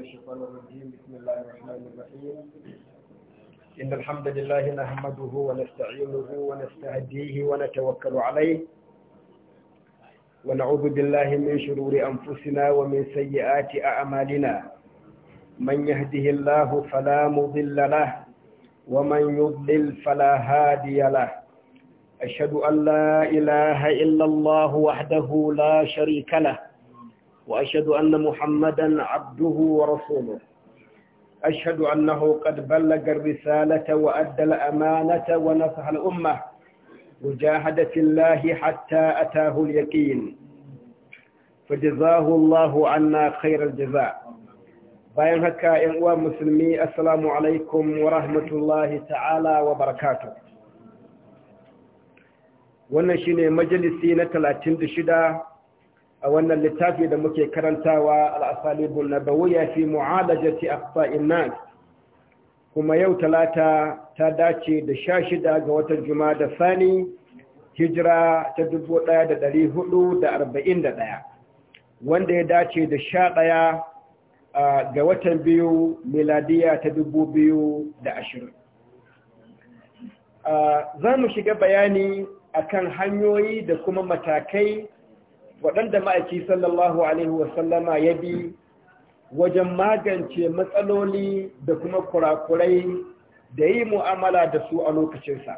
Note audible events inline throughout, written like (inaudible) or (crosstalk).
الشيطان الرجيم بسم الله الرحمن الرحيم إن الحمد لله نحمده ونستعينه ونستهديه ونتوكل عليه ونعوذ بالله من شرور أنفسنا ومن سيئات أعمالنا من يهده الله فلا مضل له ومن يضلل فلا هادي له أشهد أن لا إله إلا الله وحده لا شريك له وأشهد أن محمدا عبده ورسوله أشهد أنه قد بلغ الرسالة وأدى الأمانة ونصح الأمة وجاهد في الله حتى أتاه اليقين فجزاه الله عنا خير الجزاء bayan haka ‘yan uwa musulmi assalamu alaikum wa rahmatullahi ta'ala wa barakatu wannan shine majalisi na shida. a wannan littafi da muke karantawa al'asalibun nabawiyya fi mu'alajati aqsa'in nas kuma yau talata ta dace da sha shida ga watan Juma da sani hijira ta dubu ɗaya da ɗari hudu da arba'in da ɗaya wanda ya dace da sha ɗaya ga watan biyu miladiya ta dubu biyu da ashirin za mu shiga bayani akan hanyoyi da kuma matakai waɗanda ma'aiki sallallahu alaihi wasallama ya bi wajen magance matsaloli da kuma kurakurai da yi mu'amala da su a lokacinsa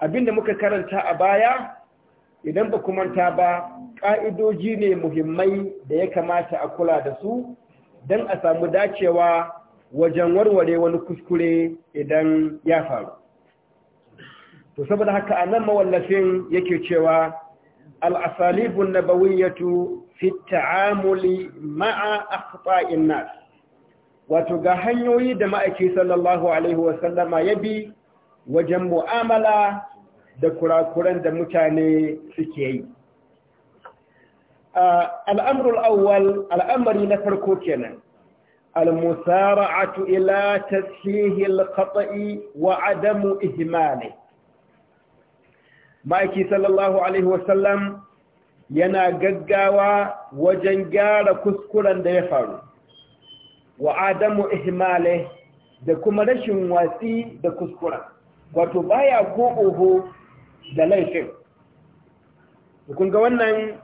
abinda muka karanta a baya idan ba kumanta ba ƙa'idoji ne muhimmai da ya kamata a kula da su don a samu dacewa wajen warware wani kuskure idan ya faru to saboda haka a nan mawallafin yake cewa الأساليب النبوية في التعامل مع أخطاء الناس hanyoyi دمائك صلى الله عليه وسلم يبي wajen mu'amala da kurakuran da mutane suke yi. Al'amrul awwal al'amari na farko kenan, al-musara'atu ila tasihil khata'i wa adamu Ma'aiki sallallahu alaihi wasallam yana gaggawa wajen gyara kuskuren da ya faru wa adamu ihmale da kuma rashin watsi da kuskura. wato baya ko oho da laifin kun ga wannan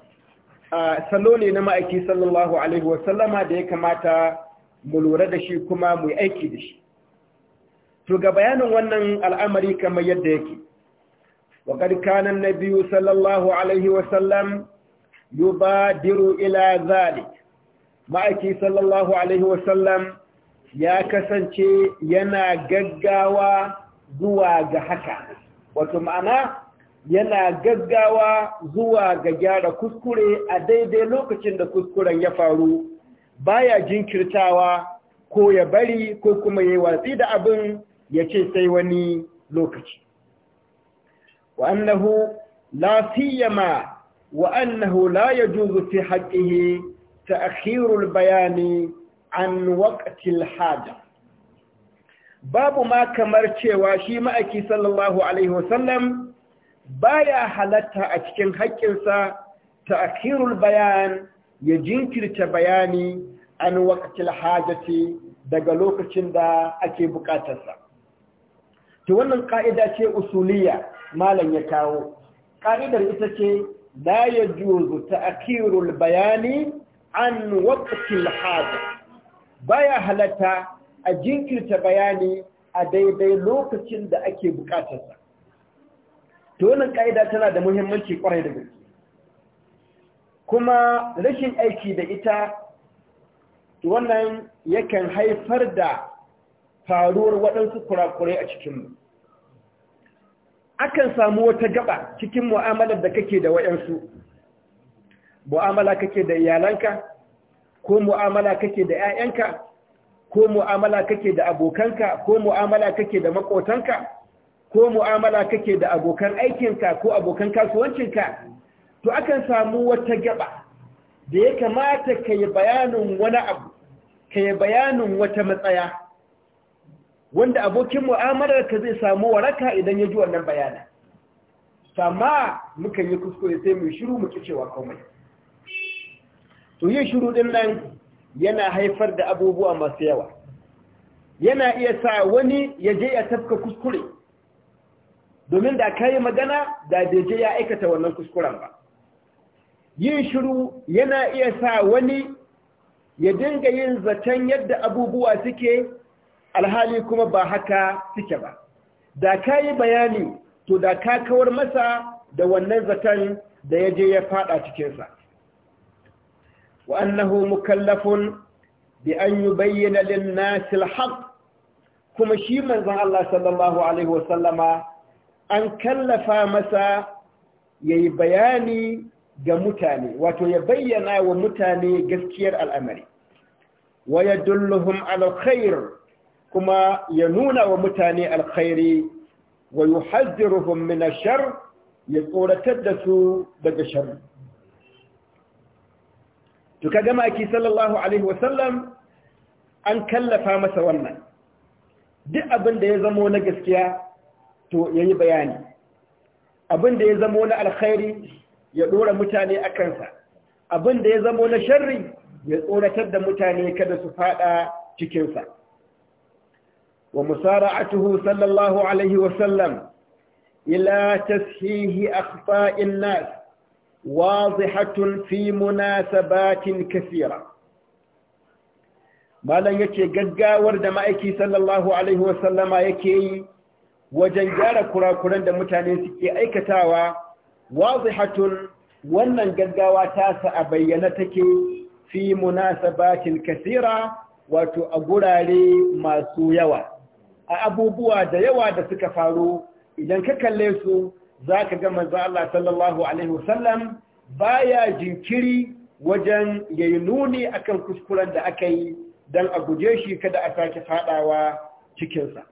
salo ne na ma'aiki sallallahu alaihi wasallama da ya kamata mu lura da shi kuma mu aiki da shi to ga bayanin wannan al'amari kamar yadda yake وقد كان النبي صلى الله عليه وسلم يبادر إلى ذلك ma'aiki sallallahu Alaihi wasallam ya kasance yana gaggawa zuwa ga haka wato ma'ana yana gaggawa zuwa ga gyara kuskure a daidai lokacin da kuskuren ya faru baya jinkirtawa ko ya bari ko kuma ya watsi da abin ya ce sai wani lokaci وأنه لا سيما وأنه لا يجوز في حقه تأخير البيان عن وقت الحاجة babu ma kamar cewa shi ma'aiki sallallahu Alaihi wasallam ba ya halatta a cikin haƙƙinsa ta akirul bayan ya jinkirta bayani an waƙacin hajjati daga lokacin da ake buƙatarsa. Ta wannan ƙa'ida ce usuliya malam ya kawo ƙa'idar ita ce la yajuzu ta'khirul bayani an waqtil haja baya halatta a jinkirta bayani a daidai lokacin da ake sa to wannan ƙa'ida tana da muhimmanci kwarai da gaske kuma rashin aiki da ita wannan yakan haifar da faruwar waɗansu kurakurai a cikinmu akan samu wata gaba cikin mu'amalar da kake da wayansu mu'amala kake da iyalanka ko mu'amala kake da 'ya'yanka ko mu'amala kake da abokanka ko mu'amala kake da makotanka ko mu'amala kake da abokan aikinka ko abokan kasuwancinka to akan samu wata gaba da ya kamata ka bayanin wani abu ka yi bayanin wata matsaya wanda abokin mu'amalar ka zai samu waraka idan ya ji wannan bayanin sama muka yi kuskure sai mu shiru mu ci cewa komai to yin shiru din nan yana haifar da abubuwa masu yawa yana iya sa wani ya je ya tafka kuskure domin da ka yi magana da je ya aikata wannan kuskuren ba yin shiru yana iya sa wani ya dinga yin zaton yadda abubuwa suke alhali kuma ba haka suke ba da ka yi bayani to da ka kawar masa da wannan zaton da ya je ya fada cikinsa wa annahu mukallafun bi an yubayyana lin-nasi al kuma shi manzon Allah sallallahu alaihi wasallama an kallafa masa yayi bayani ga mutane wato ya bayyana wa mutane gaskiyar al'amari wa yadulluhum ala khair kuma ya nuna wa mutane alkhairi wa yuhaddiruhum min ashar ya tsoratar da su daga sharri to gama maki sallallahu alaihi wasallam an kallafa masa wannan duk abin da ya zamo na gaskiya to yayi bayani abin da ya zamo na alkhairi ya dora mutane a kansa abin da ya zamo na shari, ya tsoratar da mutane kada su fada cikinsa ومسارعته صلى الله عليه وسلم إلى تسحيه أخطاء الناس واضحة في مناسبات كثيرة malam yake gaggawar da ma'aiki sallallahu alaihi wasallama yake yi wajen gyara kurakuran da mutane suke aikatawa wazihatun wannan gaggawa ta sa a bayyana take fi munasabatin kasira wato a gurare masu yawa a abubuwa da yawa da suka faru idan ka kalle su za ka ga manzo Allah sallallahu alaihi wasallam baya jinkiri wajen yayi nuni akan kuskuren da aka yi dan a guje shi kada a sake fadawa cikinsa. sa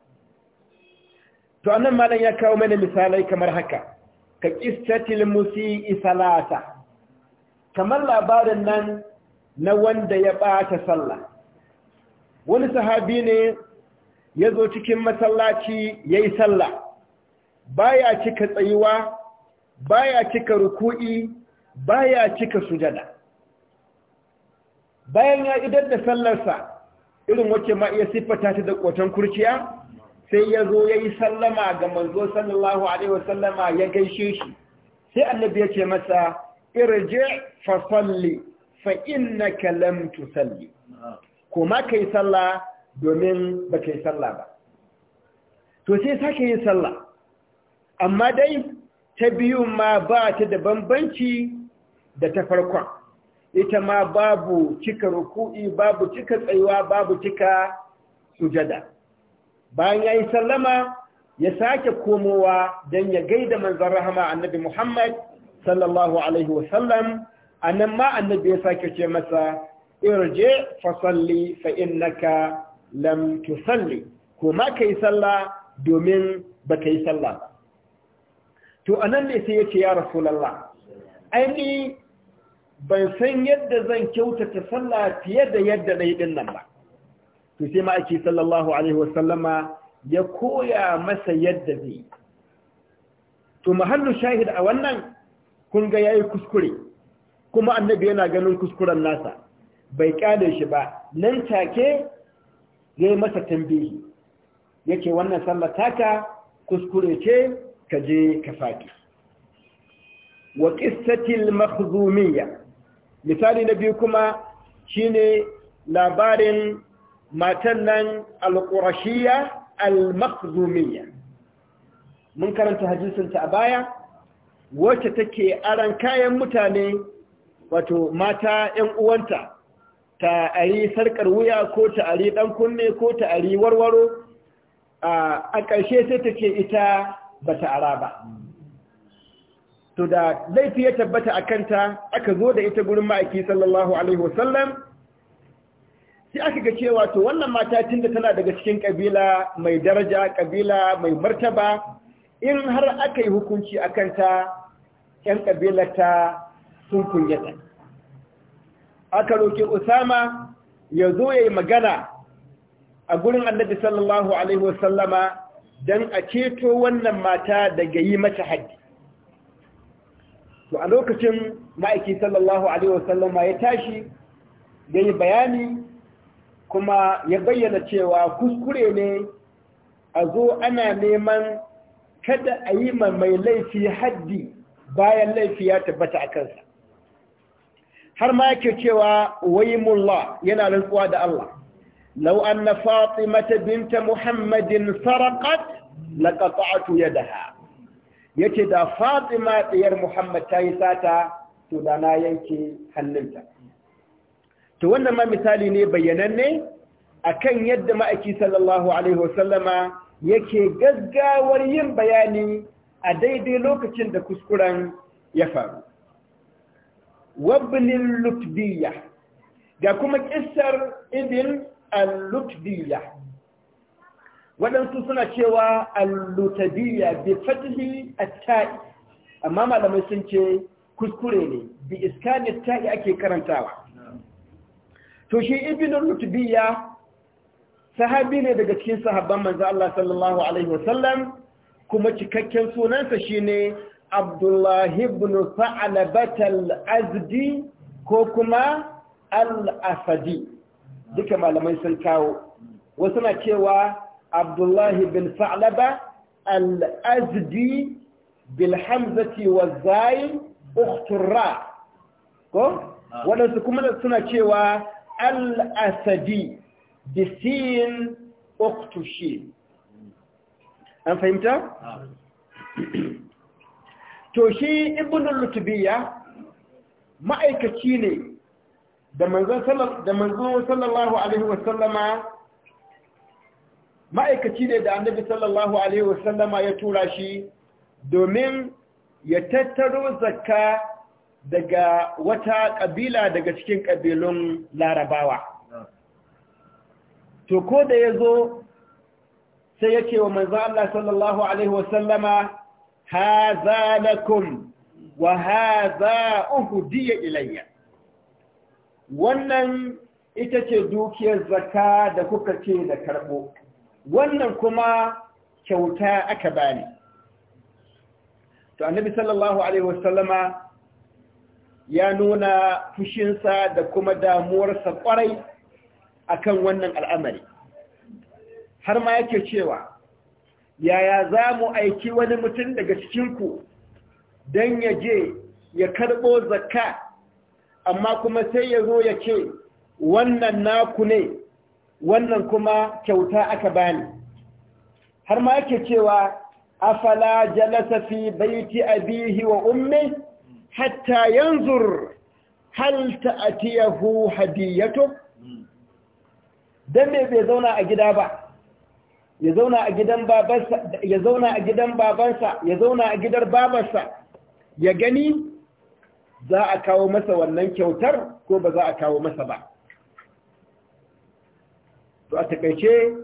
to annan malam ya kawo mana misalai kamar haka ka qistatil musi isalata kamar labarin nan na wanda ya ɓata sallah wani sahabi ne ya zo cikin masallaci ya yi sallah ya cika tsayuwa ya cika ruku'i ba ya cika sujada bayan ya idar da sallarsa irin wacce ma iya siffata ta da ƙoton kurciya sai ya zo ya yi sallama ga manzo sallallahu alaihi wasallama ya gaishe shi sai annabi ya ce masa irje fa salli fa innaka lam tusalli kuma kai sallah domin ba ka yi sallah ba to sai sake yin sallah amma dai ta biyu ma ba ta da bambanci da ta farkon ita ma babu cika ruku'i babu cika tsayuwa babu cika sujada bayan ya yi sallama ya sake komowa don ya gaida manzan rahama annabi Muhammad sallallahu Alaihi wasallam a nan ma annabi ya sake ce masa irje fasalli fa'in naka lam tusalli kuma kai sallah domin ba kai sallah ba to anan ne sai yace ya rasulullah ai ni ban san yadda zan kyautata sallah fiye da yadda dai din nan ba to sai ma ake sallallahu alaihi wasallama ya koya masa yadda zai to mahallu shahid a wannan kun ga yayi kuskure kuma annabi yana ganin kuskuren nasa bai kyale shi ba nan take ya yi masa tambayi, yake wannan sallar taka kuskure ce ka je ka faɗi. wa qissatil makhzumiyya misali na biyu kuma shine labarin matan nan al-qurashiyya al mun karanta hadisin a baya wacce take aran kayan mutane wato mata 'yan uwanta ta a yi sarkar wuya ko ta yi ɗan kunne ko ta a yi warwaro a ƙarshe sai ta ce ita ba ta ara ba to da laifi ya tabbata a kanta aka zo da ita gurin ma'aiki sallallahu alaihi wasallam sai aka ga cewa to wannan mata tun da tana daga cikin ƙabila mai daraja ƙabila mai martaba in har aka yi hukunci a kanta 'yan ƙabilarta sun kunyata aka roki usama ya zo ya yi magana a gurin annabi sallallahu alaihi wasallama don a ceto wannan mata daga yi mata haddi to a lokacin ma'aiki sallallahu alaihi wasallama ya tashi ya yi bayani kuma ya bayyana cewa kuskure ne a zo ana neman kada a yi mai laifi haddi bayan laifi ya tabbata a kansa har ma yake cewa waymullah yana rantsuwa da Allah law anna fatimata binta muhammadin sarqat laqata'tu yadaha yace da fatima diyar muhammad ta yi sata to da na yanke hannunta to wannan ma misali ne bayyananne akan yadda ma'aiki sallallahu alaihi wasallama yake gaggawar yin bayani a daidai lokacin da kuskuren ya faru wabnin lutbiya ga kuma ƙisar ibin al-lutbiya waɗansu suna cewa al-lutabiya bi fatihi at-ta'i amma malamai sun ce kuskure ne bi iskani ta'i ake karantawa to shi ibn al-lutbiya sahabi ne daga cikin sahabban manzo Allah sallallahu alaihi wasallam kuma cikakken sunansa shine abdullahi ibn sa'alabat al-azdi ko kuma al-asadi duka malamai sun kawo wasu na cewa abdullahi bin sa'alaba al-azdi bil hamzati wa uktura ko waɗansu kuma suna cewa al-asadi bisin uktushi an fahimta? (clears throat) to shi ibnul lutubiya ma'aikaci ne da manzon sallallahu alaihi wasallama ma'aikaci ne da annabi sallallahu alaihi wasallama ya tura shi domin ya tattaro zakka daga wata ƙabila daga cikin ƙabilun larabawa to ko da ya zo sai ya ce wa manzon Allah sallallahu alaihi wasallama haza lakum wa haza uhdiya ilayya wannan ita ce dukiyar zaka da kuka ce da karbo wannan kuma kyauta aka bani to annabi sallallahu alaihi wasallama ya nuna fushinsa da kuma damuwarsa kwarai akan wannan al'amari har ma yake cewa yaya za mu aiki wani mutum daga cikinku don ya je ya karɓo zakka amma kuma sai ya zo ya ce wannan naku ne wannan kuma kyauta aka bani har ma ake cewa afala jalasa fi baiti abihi wa ummi hatta yanzur hal ta'tiyahu hadiyatu hmm. dan me bai zauna a gida ba ya zauna a gidan babansa ya zauna a gidan babansa babarsa ya gani za a kawo masa wannan kyautar ko ba za a kawo masa ba to a takaice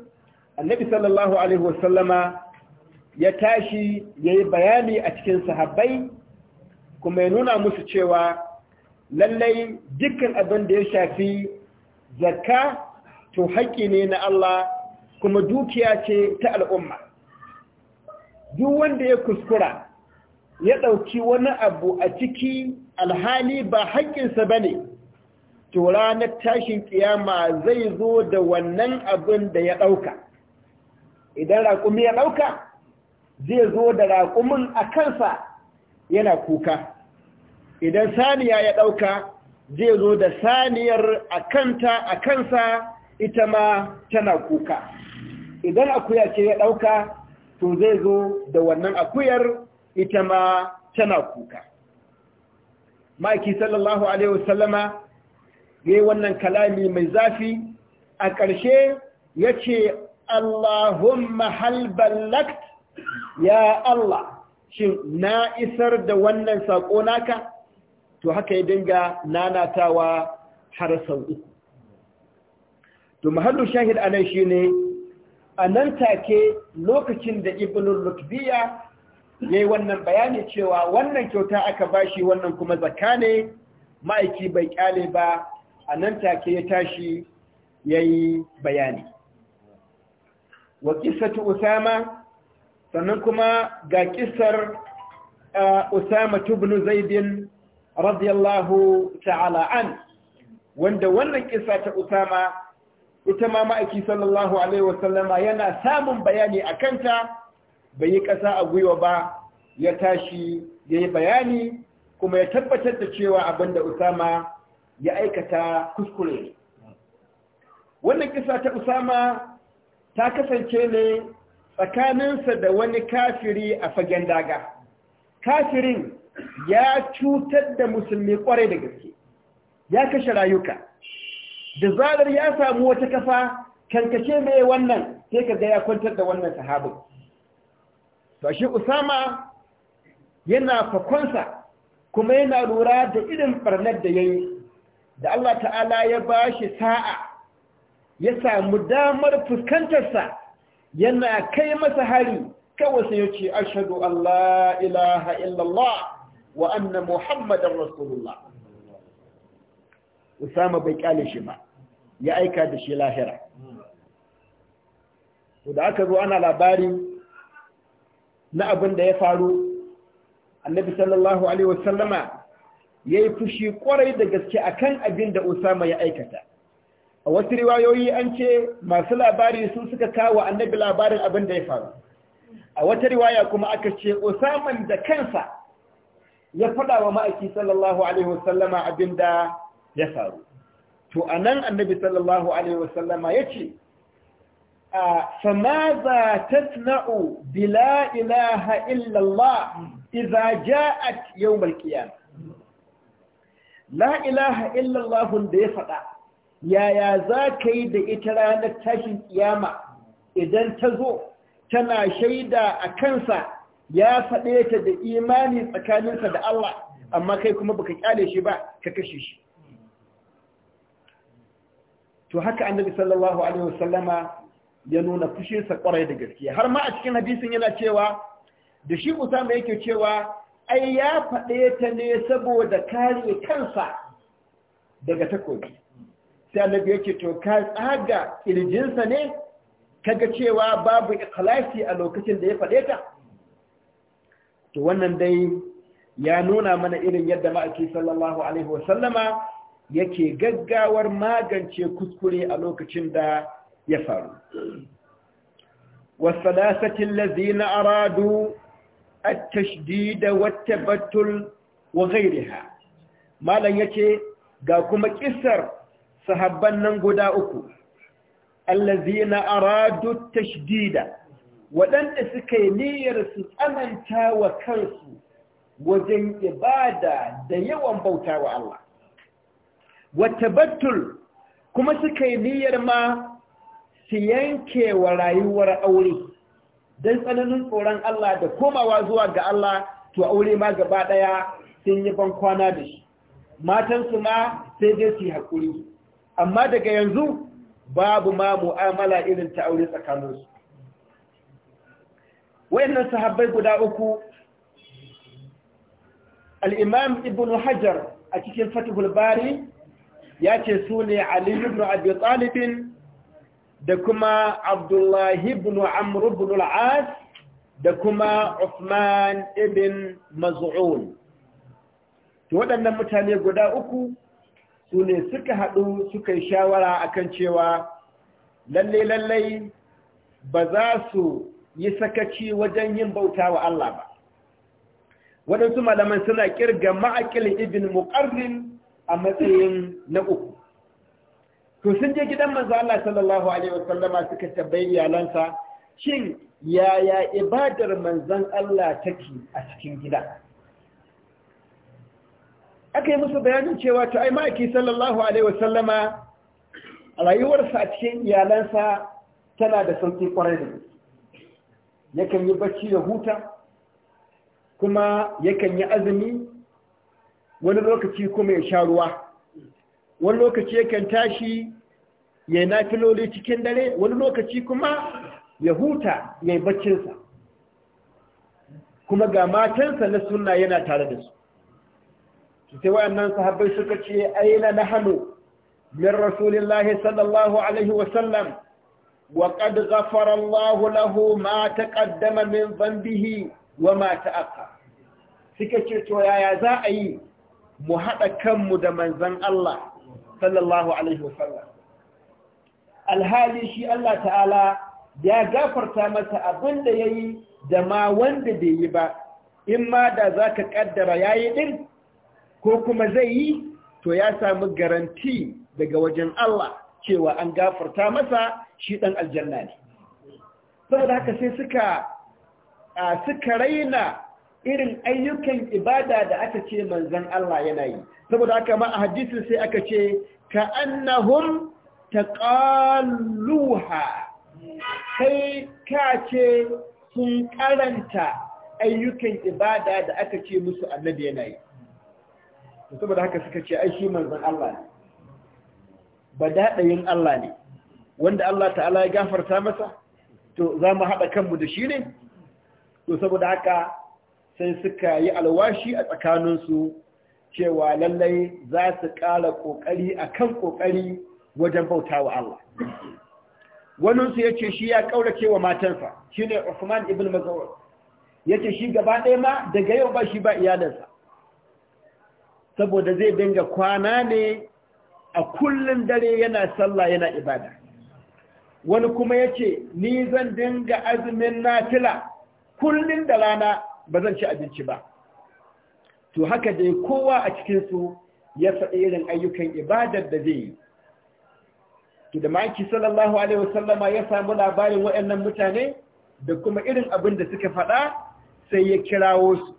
annabi sallallahu alaihi wasallama ya tashi ya yi bayani a cikin sahabbai kuma ya nuna musu cewa lallai dukkan abin da ya shafi zakka to haƙƙi ne na Allah kuma dukiya ce ta al'umma duk wanda ya kuskura ya ɗauki wani abu a ciki alhali ba haƙƙinsa ba ne to ranar tashin ƙiyama zai zo da wannan abin da ya ɗauka idan raƙumi ya ɗauka zai zo da raƙumin a kansa yana kuka idan saniya ya ɗauka zai zo da saniyar a kanta a kansa ita ma tana kuka idan akuya ce ya ɗauka to zai zo da wannan akuyar ita ma tana kuka ma'aiki sallallahu alaihi wasallama ya yi wannan kalami mai zafi a ƙarshe ya ce allahumma halballakt ya Allah shin na isar da wannan saƙo naka to haka ya dinga nanatawa har sau uku to mahallu shahid anan ne. a nan take lokacin da ibnul lutbiya ya yi wannan bayani cewa wannan kyauta aka bashi wannan kuma zakka ne ma'aiki bai kyale ba a nan take ya tashi ya yi bayani wa kisatu usama sannan kuma ga kisar uh, usama tubnu zaidin radiyallahu ta'ala an wanda wannan kisa ta usama ita ma ma'aiki sallallahu alaihi wasallama yana samun bayani a kanta bai yi ƙasa a gwiwa ba ya tashi ya yi bayani kuma ya tabbatar da cewa abin da usama ya aikata kuskure wannan kisa ta usama ta kasance ne tsakaninsa da wani kafiri a fagen daga kafirin ya cutar da musulmi kwarai da gaske ya kashe rayuka da zarar ya samu wata kafa kankace mai wannan sai ka ga ya kwantar da wannan sahabin to shi usama yana fakonsa kuma yana lura da irin ɓarnar da yayi da Allah ta'ala ya bashi sa'a ya samu damar fuskantarsa yana kai masa hari kawai sai ya ce ashhadu an la ilaha illallah wa anna muhammadar rasulullah usama bai kyale shi ba ya aika da shi lahira da aka zo ana labari na abin da ya faru annabi sallallahu alaihi wasallama ya yi fushi kwarai da gaske akan abin da usama ya aikata a wasu riwayoyi an ce masu labari sun suka kawo annabi labarin abin da ya faru a wata riwaya kuma aka ce usaman da kansa ya faɗa wa ma'aiki sallallahu alaihi wasallama abin da ya faru to a nan annabi sallallahu alaihi wasallama ya ce a samaza ta tana'u bila ilaha illallah iza ja'at yau malkiyar la ilaha da ya faɗa yaya za ka yi da ita ranar tashin kiyama idan ta zo tana shaida a kansa ya faɗe ta da imani tsakaninsa da Allah amma kai kuma baka ƙyale shi ba ka kashe shi to haka annabi sallallahu alaihi wasallama ya nuna fushinsa kwarai da gaskiya har ma a cikin hadisin yana cewa da shi usama yake cewa ai ya faɗe ta ne saboda kare kansa daga takobi sai annabi yake to ka tsaga kirjinsa ne kaga cewa babu ikhlasi a lokacin da ya faɗe ta to wannan dai ya nuna mana irin yadda ma'aiki sallallahu alaihi wasallama yake gaggawar magance kuskure a lokacin da ya faru. Wasalasatin lazina a radu a tashdi da wata batul wa gairiha. Malan ya ce, Ga kuma ƙisar sahabban guda uku, allazina a radu tashdi waɗanda suka yi niyyar su tsananta wa kansu wajen ibada da yawan bauta wa Allah. watabattul kuma suka yi niyyar ma su yanke wa rayuwar aure don tsananin tsoron Allah da komawa zuwa ga Allah to aure ma gaba ɗaya sun yi ban kwana da shi matansu ma sai dai su yi haƙuri amma daga yanzu babu ma mu'amala irin ta aure tsakaninsu wayannan sahabbai guda uku al'imam ibn hajar a cikin fatihul bari ya ce su ne Ali ibn Abi Talib da kuma Abdullahi ibn Amr ibn al-As da kuma Uthman ibn Maz'un to waɗannan mutane guda uku su ne suka haɗu suka yi shawara akan cewa lalle lalle ba za su yi sakaci wajen yin bauta wa Allah ba waɗansu malaman suna kirga ma'akil ibn muqarrin a matsayin na uku to sun je gidan manzo Allah sallallahu alaihi wasallama suka tambayi iyalansa shin yaya ibadar manzon Allah take a cikin gida aka yi musu bayanin cewa ta ai ma'aiki sallallahu alaihi wasallama rayuwarsa a cikin iyalansa tana da sauƙi kwarai da yakan yi bacci ya huta kuma yakan yi azumi wani lokaci kuma ya sha ruwa wani lokaci yakan tashi ya yi nafiloli cikin dare wani lokaci kuma ya huta ya yi baccinsa kuma ga matansa na suna yana tare da su sai waannan sahabbai suka ce aina na hannu. min rasulillahi sallallahu alaihi wasallam وقد غفر الله له ما min من ذنبه وما تأخر suka ce to yaya za a yi mu haɗa kanmu da manzan Allah sallallahu Alaihi wasallam. Alhali shi Allah ta'ala ya gafarta masa abin da ya yi da ma wanda bai yi ba, in ma da za ka ƙaddara ya yi ɗin ko kuma zai yi, to ya samu garanti daga wajen Allah cewa an gafarta masa shi ɗan aljanna ne. Saboda haka sai suka raina irin ayyukan ibada da aka ce manzan Allah yana yi saboda haka ma a hadisin sai aka ce ka annahum taqalluha sai ka ce sun karanta ayyukan ibada da aka ce musu annabi yana yi saboda haka suka ce ai shi manzan Allah ne Ba badaɗayin Allah ne wanda Allah ta'ala ya gafarta masa to za mu haɗa kanmu da shi ne to saboda haka sai suka yi alwashi a tsakaninsu cewa lallai za su ƙara ƙoƙari a kan ƙoƙari wajen bauta wa Allah. Waninsu ya ce shi ya ƙaurace wa matansa, shi ne Usman ibn Mazawar, ya ce shi gaba ɗaya ma daga yau ba shi ba iyalinsa, saboda zai dinga kwana ne a kullum dare yana sallah yana ibada. Wani kuma ya ce, Ni zan dinga azumin natila kullum da rana ba zan ci abinci ba to haka dai kowa a cikinsu ya faɗi irin ayyukan ibadar da zai yi to da maki sallallahu alaihi wasallama ya samu labarin waɗannan mutane da kuma irin abin da suka faɗa sai ya kirawo su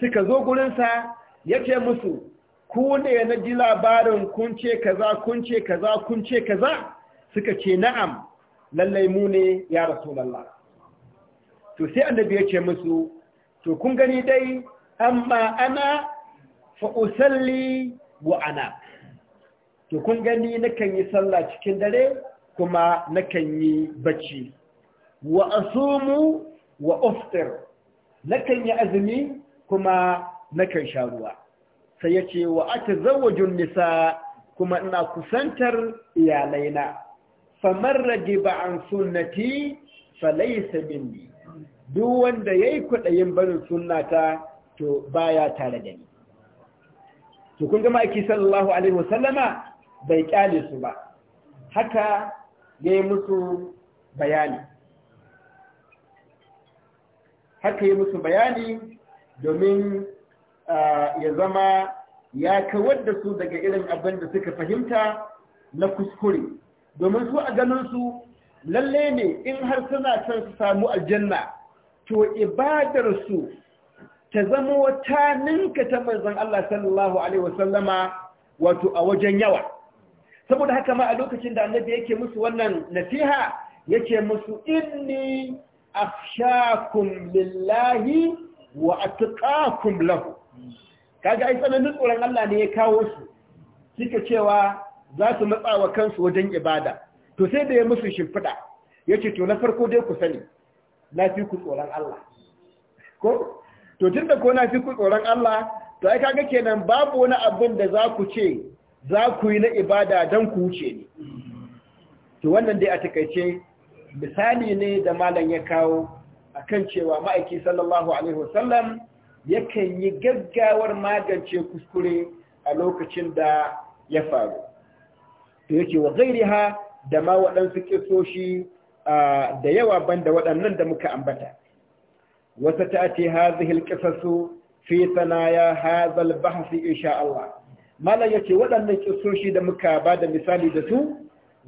suka zo gurinsa ya ce musu ku ne na ji labarin kunce kaza kunce kaza kunce kaza suka ce na'am lallai mu ne ya rasulallah to sai annabi ya ce musu to kun gani dai amma ana fa usalli wa ana to kun gani nakan yi sallah cikin dare kuma nakan yi bacci wa asumu wa uftir nakan yi azumi kuma nakan sha ruwa sai ya ce wa atazawwaju nisa kuma ina kusantar iyalaina famar ba an sunnati falaysa minni duk wanda ya yi kwaɗayin barin ta, to baya tare da ni to kun gama aiki sallallahu alaihi wasallama bai kyale su ba haka ya yi musu bayani haka yi musu bayani domin ya zama ya kawar da su daga irin abin da suka fahimta na kuskure domin su a ganin su, lalle ne in har suna son su samu aljanna to ibadarsu ta zama wata ninka ta manzan Allah sallallahu Alaihi wasallama wato a wajen yawa. Saboda haka ma a lokacin da annabi yake musu wannan nasiha yake musu inni afshakum lillahi wa Ka lahu. Kaga ai tsananin tsoron Allah ne ya kawo su, suka cewa za su matsa wa kansu wajen ibada. To sai da ya musu shimfiɗa, ya ce to na farko dai ku sani, na tsoron Allah ko to tunda ko na tsoron Allah to ai kaga kenan babu wani abin da za ku ce za ku yi na ibada don ku wuce ne to wannan dai a takaice misali ne da malam ya kawo a kan cewa ma'aiki sallallahu alaihi wasallam yakan yi gaggawar magance kuskure a lokacin da ya faru to yake wa gairiha da ma waɗansu kisoshi da yawa banda waɗannan da muka ambata wata ta ce hazihil kisasu fi sanaya hazal bahasi insha Allah malam yace waɗannan ƙisoshi da muka ba da misali da su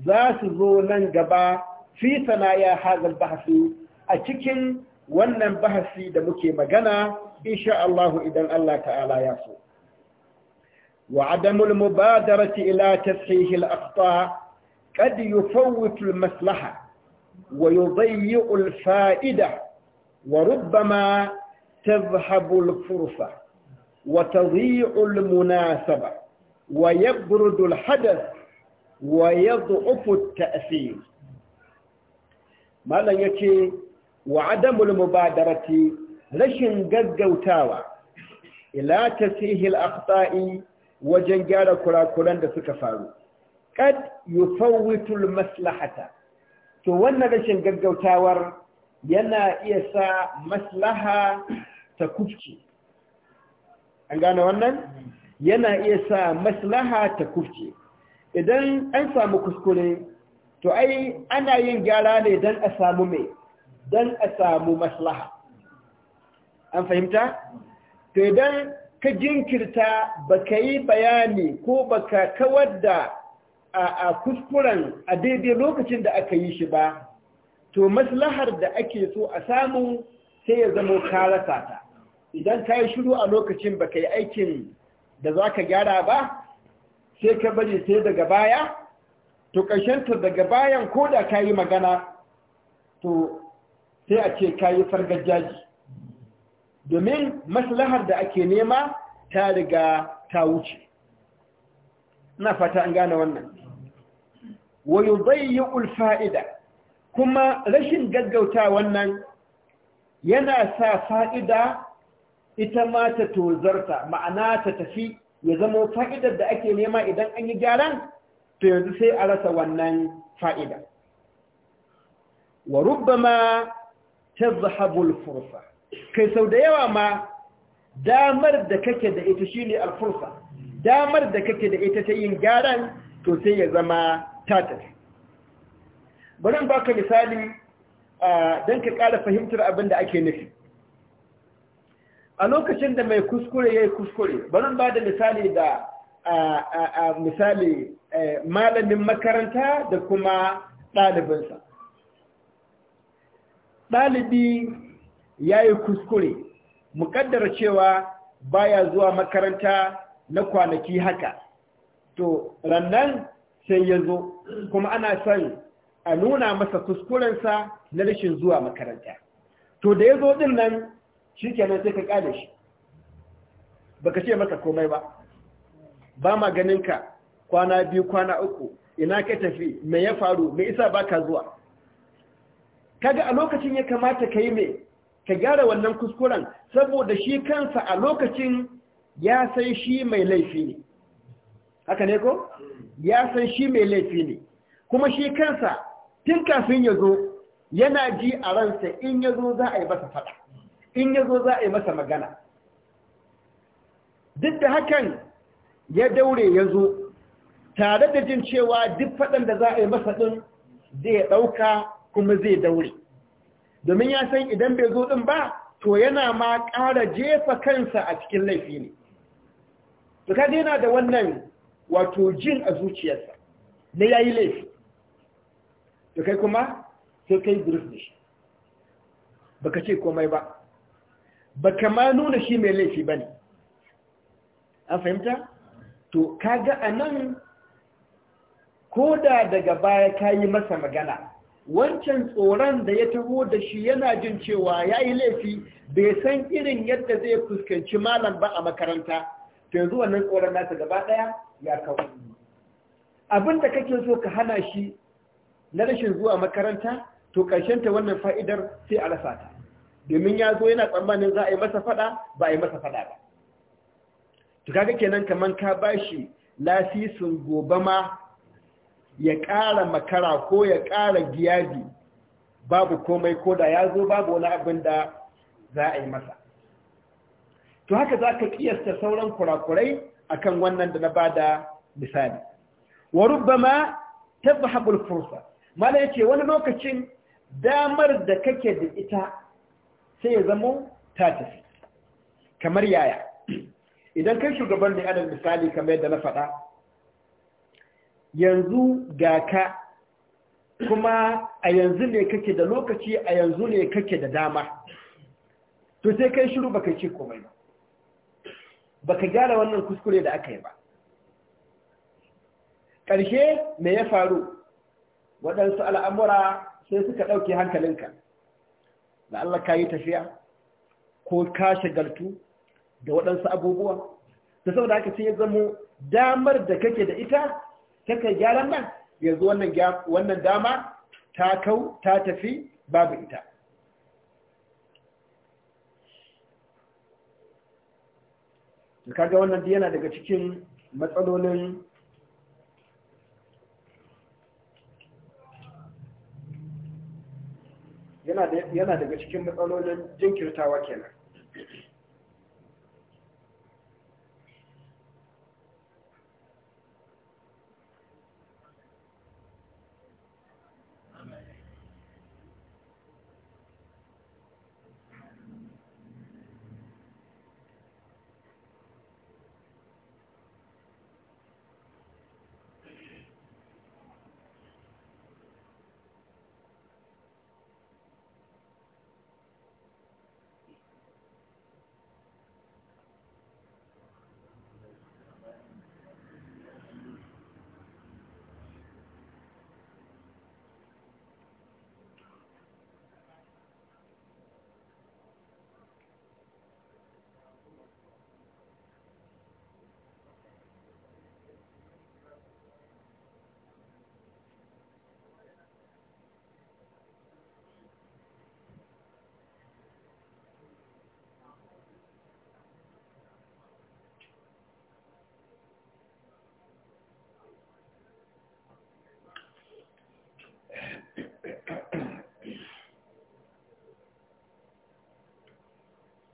za su zo nan gaba fi sanaya hazal bahasi a cikin wannan bahasi da muke magana insha Allah idan Allah ta'ala ya so وعدم المبادرة إلى تصحيح الأخطاء قد يفوت المصلحة ويضيع الفائدة وربما تذهب الفرصة وتضيع المناسبة ويبرد الحدث ويضعف التأثير ما لا يكي وعدم المبادرة رشن قدوتاوى إلا تسيه الأخطاء وجنجال كلا كلا قد يفوت المصلحة to wannan rashin gaggautawar yana iya sa maslaha ta kufce an gane wannan yana iya sa maslaha ta kufce idan an samu kuskure to ai ana yin gyara ne don a samu mai don a samu maslaha an fahimta to idan ka jinkirta baka yi bayani ko baka kawar da a kuskuren a daidai lokacin da aka yi shi ba to maslahar da ake so a samu sai ya zama karasa ta idan ka yi shiru a lokacin ba ka yi aikin da za ka gyara ba sai ka bari sai daga baya to ƙarshenta daga bayan ko da ka yi magana to sai a ce ka yi fargajaji domin maslahar da ake nema ta riga ta wuce na fata an gane wannan wa yudayyi'ul fa'ida kuma rashin gaggauta wannan yana sa fa'ida ita ma ta tozarta ma'ana ta tafi ya zama fa'idar da ake nema idan an yi gyaran to yanzu sai a rasa wannan fa'ida wa rubbama tazhabul fursa kai sau da yawa ma damar da kake da ita shine alfursa damar da kake da ita ta yin gyaran to sai ya zama tatar bari baka misali don ka ƙara fahimtar abin da ake nufi a lokacin da mai kuskure ya yi kuskure bari ba da misali da misali malamin makaranta da kuma ɗalibinsa ɗalibi ya yi kuskure muƙaddara cewa baya zuwa makaranta na kwanaki haka to rannan sai ya zo kuma ana son a nuna masa kuskurensa na rashin zuwa makaranta to da ya zo din nan shi kenan sai ka kada shi baka ce masa komai ba ba ma ka kwana biyu kwana uku ina ka tafi me ya faru me isa baka zuwa kaga a lokacin ya kamata ka yi mai ka gyara wannan kuskuren saboda shi kansa a lokacin ya sai shi mai laifi ne haka ne ko ya san shi mai laifi ne kuma shi kansa tun kafin ya zo yana ji a ransa in ya zo za a yi masa fada in ya zo za a yi masa magana duk da hakan ya daure ya zo tare da jin cewa duk fadan da za a yi masa ɗin zai ɗauka kuma zai daure domin ya san idan bai zo ɗin ba to yana ma ƙara jefa kansa a cikin laifi ne Tuka dina da wannan wato jin a zuciyarsa na yayi laifi to kai kuma sai kai durus da shi baka ce komai ba baka ma nuna shi mai laifi ba ne an fahimta to kaga a nan ko da daga baya ka yi masa magana wancan tsoron da ya taho da shi yana jin cewa ya yi laifi bai san irin yadda zai fuskanci malam ba a makaranta to yanzu wannan tsoron nasa gaba ɗaya ya kawo abin da kake so ka hana shi na rashin zuwa makaranta to ƙarshen ta wannan fa'idar sai a rasa ta domin ya zo yana tsammanin za a yi masa fada ba a yi masa fada ba to kaga kenan kamar ka bashi lasisin gobe ma ya ƙara makara ko ya ƙara giyabi babu komai ko da ya zo babu wani abin da za a yi masa to haka za ka ƙiyasta sauran kurakurai akan wannan da na bada misali wa rubbama al fursa mala yace wani lokacin damar da kake da ita sai ya zama ta tafi kamar yaya idan kai shugaban ne adam misali kamar yadda na faɗa yanzu ga ka kuma a yanzu ne kake da lokaci a yanzu ne kake da dama to sai kai shiru baka ce komai ba baka gyara wannan kuskure da aka yi ba ƙarshe me ya faru waɗansu al'amura sai suka ɗauke hankalinka da Allah ka yi tafiya ko ka shagaltu da waɗansu abubuwa da saboda haka sai ya zamo damar da kake da ita kakai gyaran nan yanzu wannan dama ta kau ta tafi babu ita kaga wannan yana daga cikin matsalolin yana daga cikin matsalolin jinkirtawa kenan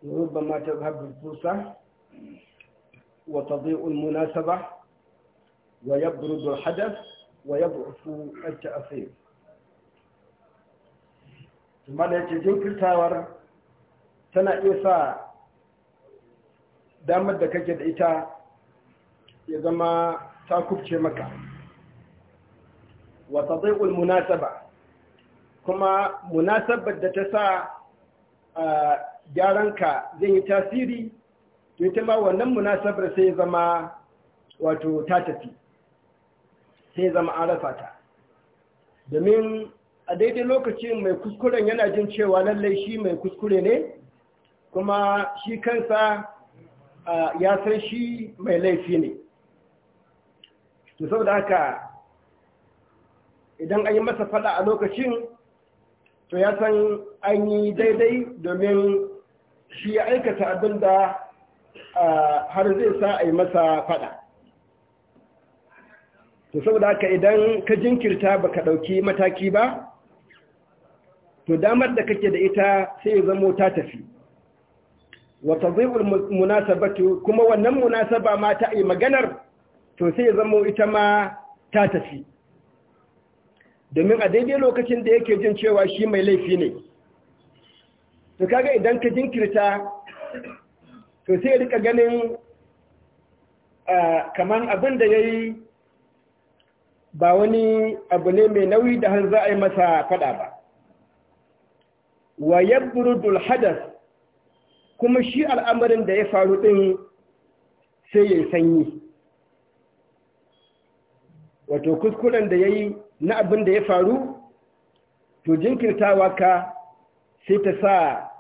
وربما تذهب الفرصة وتضيء المناسبة ويبرد الحدث ويضعف التأثير ثم يتجين كل تاور سنة إيسا دامت دكا جد إيتا يزما تاكوب مكة وتضيء المناسبة كما مناسبة دتسا آه، gyaranka zai yi tasiri to ita ma wannan munasabar sai zama wato ta tafi sai zama an rasa ta domin a daidai lokacin mai kuskuren yana jin cewa lallai shi mai kuskure ne kuma shi kansa ya san shi mai laifi ne to saboda haka idan an yi masa fada a lokacin to ya san an yi daidai domin shi ya aikata abin da har zai sa a yi masa fada to saboda haka idan ka jinkirta ba ka ɗauki mataki ba to damar da kake da ita sai ya ta tafi wata zai'ul munasabatu kuma wannan munasaba ma ta yi maganar to sai ya ita ma ta tafi domin a daidai lokacin da yake jin cewa shi mai laifi ne to kaga idan ka jinkirta to sai rika ganin kamar abin da ya yi ba wani abu ne mai nauyi da har za a yi masa fada ba wa yabrudul hadas kuma shi al'amarin da ya faru din sai ya sanyi wato kuskuren da ya yi na abin da ya faru to jinkirtawa ka sai ta sa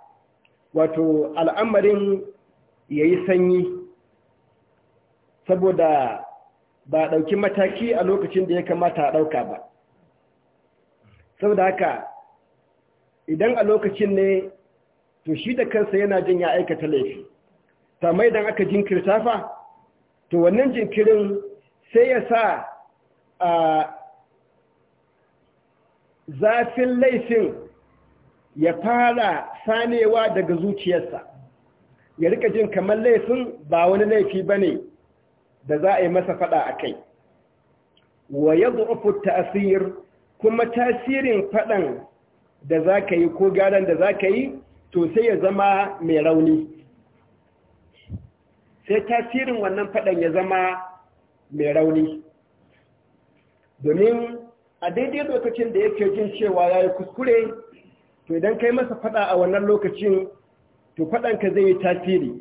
wato al'amarin ya yi sanyi saboda ba ɗauki mataki a lokacin da ya kamata a ɗauka ba saboda haka idan a lokacin ne to shi da kansa yana jin ya aikata laifi samai idan aka jinkirta fa to wannan jinkirin sai ya sa a zafin laifin ya fara sanewa daga zuciyarsa ya rika jin kamar laifin ba wani laifi ba ne da za a yi masa fada a kai wa ya zuɓufu tasir kuma tasirin fadan da za ka yi ko gadon da za ka yi to sai ya zama mai rauni sai tasirin wannan fadan ya zama mai rauni domin a daidai lokacin da yake jin cewa ya yi kuskure to idan kai masa fada a wannan lokacin to fadanka zai yi tasiri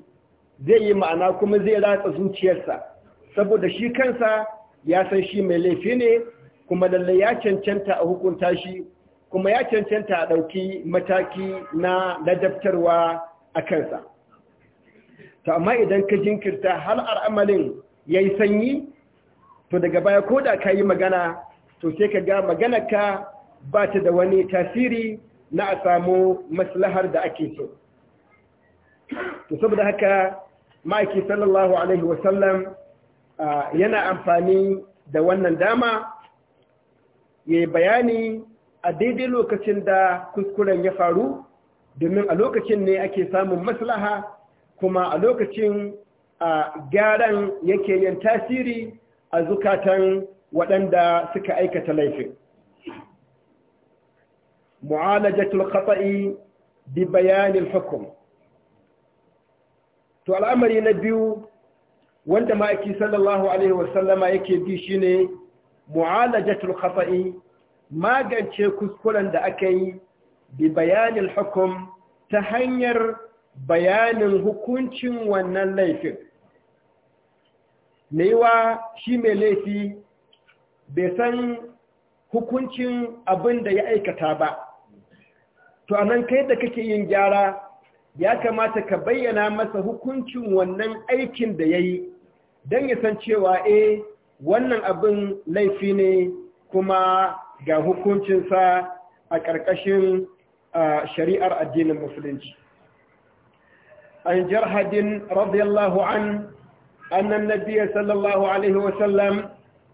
zai yi ma'ana kuma zai ratsa zuciyarsa saboda shi kansa ya san shi mai laifi ne kuma lalle ya cancanta a hukunta shi kuma ya cancanta a ɗauki mataki na ladabtarwa a kansa to amma idan ka jinkirta har al'amalin ya yi sanyi to daga baya ko da ka yi magana to sai ka ga maganarka ba ta da wani tasiri na a samu maslahar da ake so to saboda haka ma'aiki sallallahu alaihi wasallam yana amfani da wannan dama ya bayani a daidai lokacin da kuskuren ya faru domin a lokacin ne ake samun maslaha kuma a lokacin a gyaran yake yin tasiri a zukatan waɗanda suka aikata laifin mu'alajatul khata'i bi bayanin hukum to al'amari na biyu wanda ma'aiki sallallahu alaihi wasallama yake bi shine mu'alajatul khata'i magance kuskuren da aka yi bi bayanin hukum ta hanyar bayanin hukuncin wannan laifin maiwa shi mai laifi bai san hukuncin abinda ya aikata ba to anan kai da kake yin gyara ya kamata ka bayyana masa hukuncin wannan aikin da ya yi don ya san cewa e wannan abin laifi ne kuma ga hukuncinsa a ƙarƙashin shari'ar addinin musulunci an hadin radiyallahu an annan nabiya sallallahu alaihi wasallam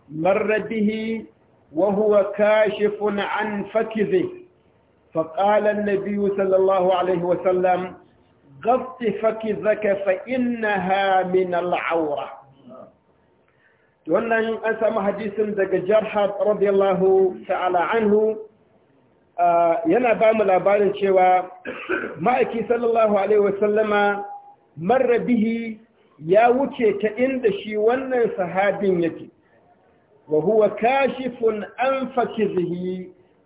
marar bihi wa huwa kashifun an fakizi فقال النبي صلى الله عليه وسلم غط فكذك فإنها من العورة wannan an samu hadisin daga jarhad radiyallahu ta'ala anhu yana ba mu labarin cewa ma'aiki sallallahu alaihi wasallama marra bihi ya wuce ta inda shi wannan sahabin yake wa huwa kashifun an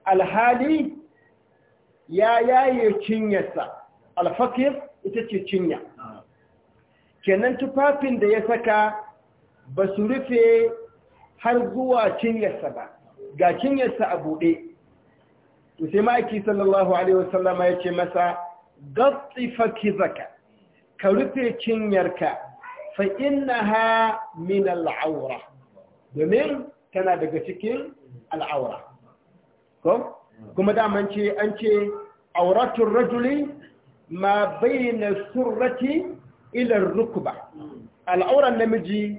alhali ya yaye cinyarsa alfakir ita ce cinya kenan tufafin da ya saka ba su rufe har zuwa cinyarsa ba ga cinyarsa a buɗe to sai ma'aiki sallallahu alaihi wasallama ya ce masa gatsifa fakizaka ka rufe cinyarka fa ha min al'aura domin tana daga cikin al'aura ko kuma daman ce an ce auratun rajuli ma bayyana surrati ilar rukuba al'auran namiji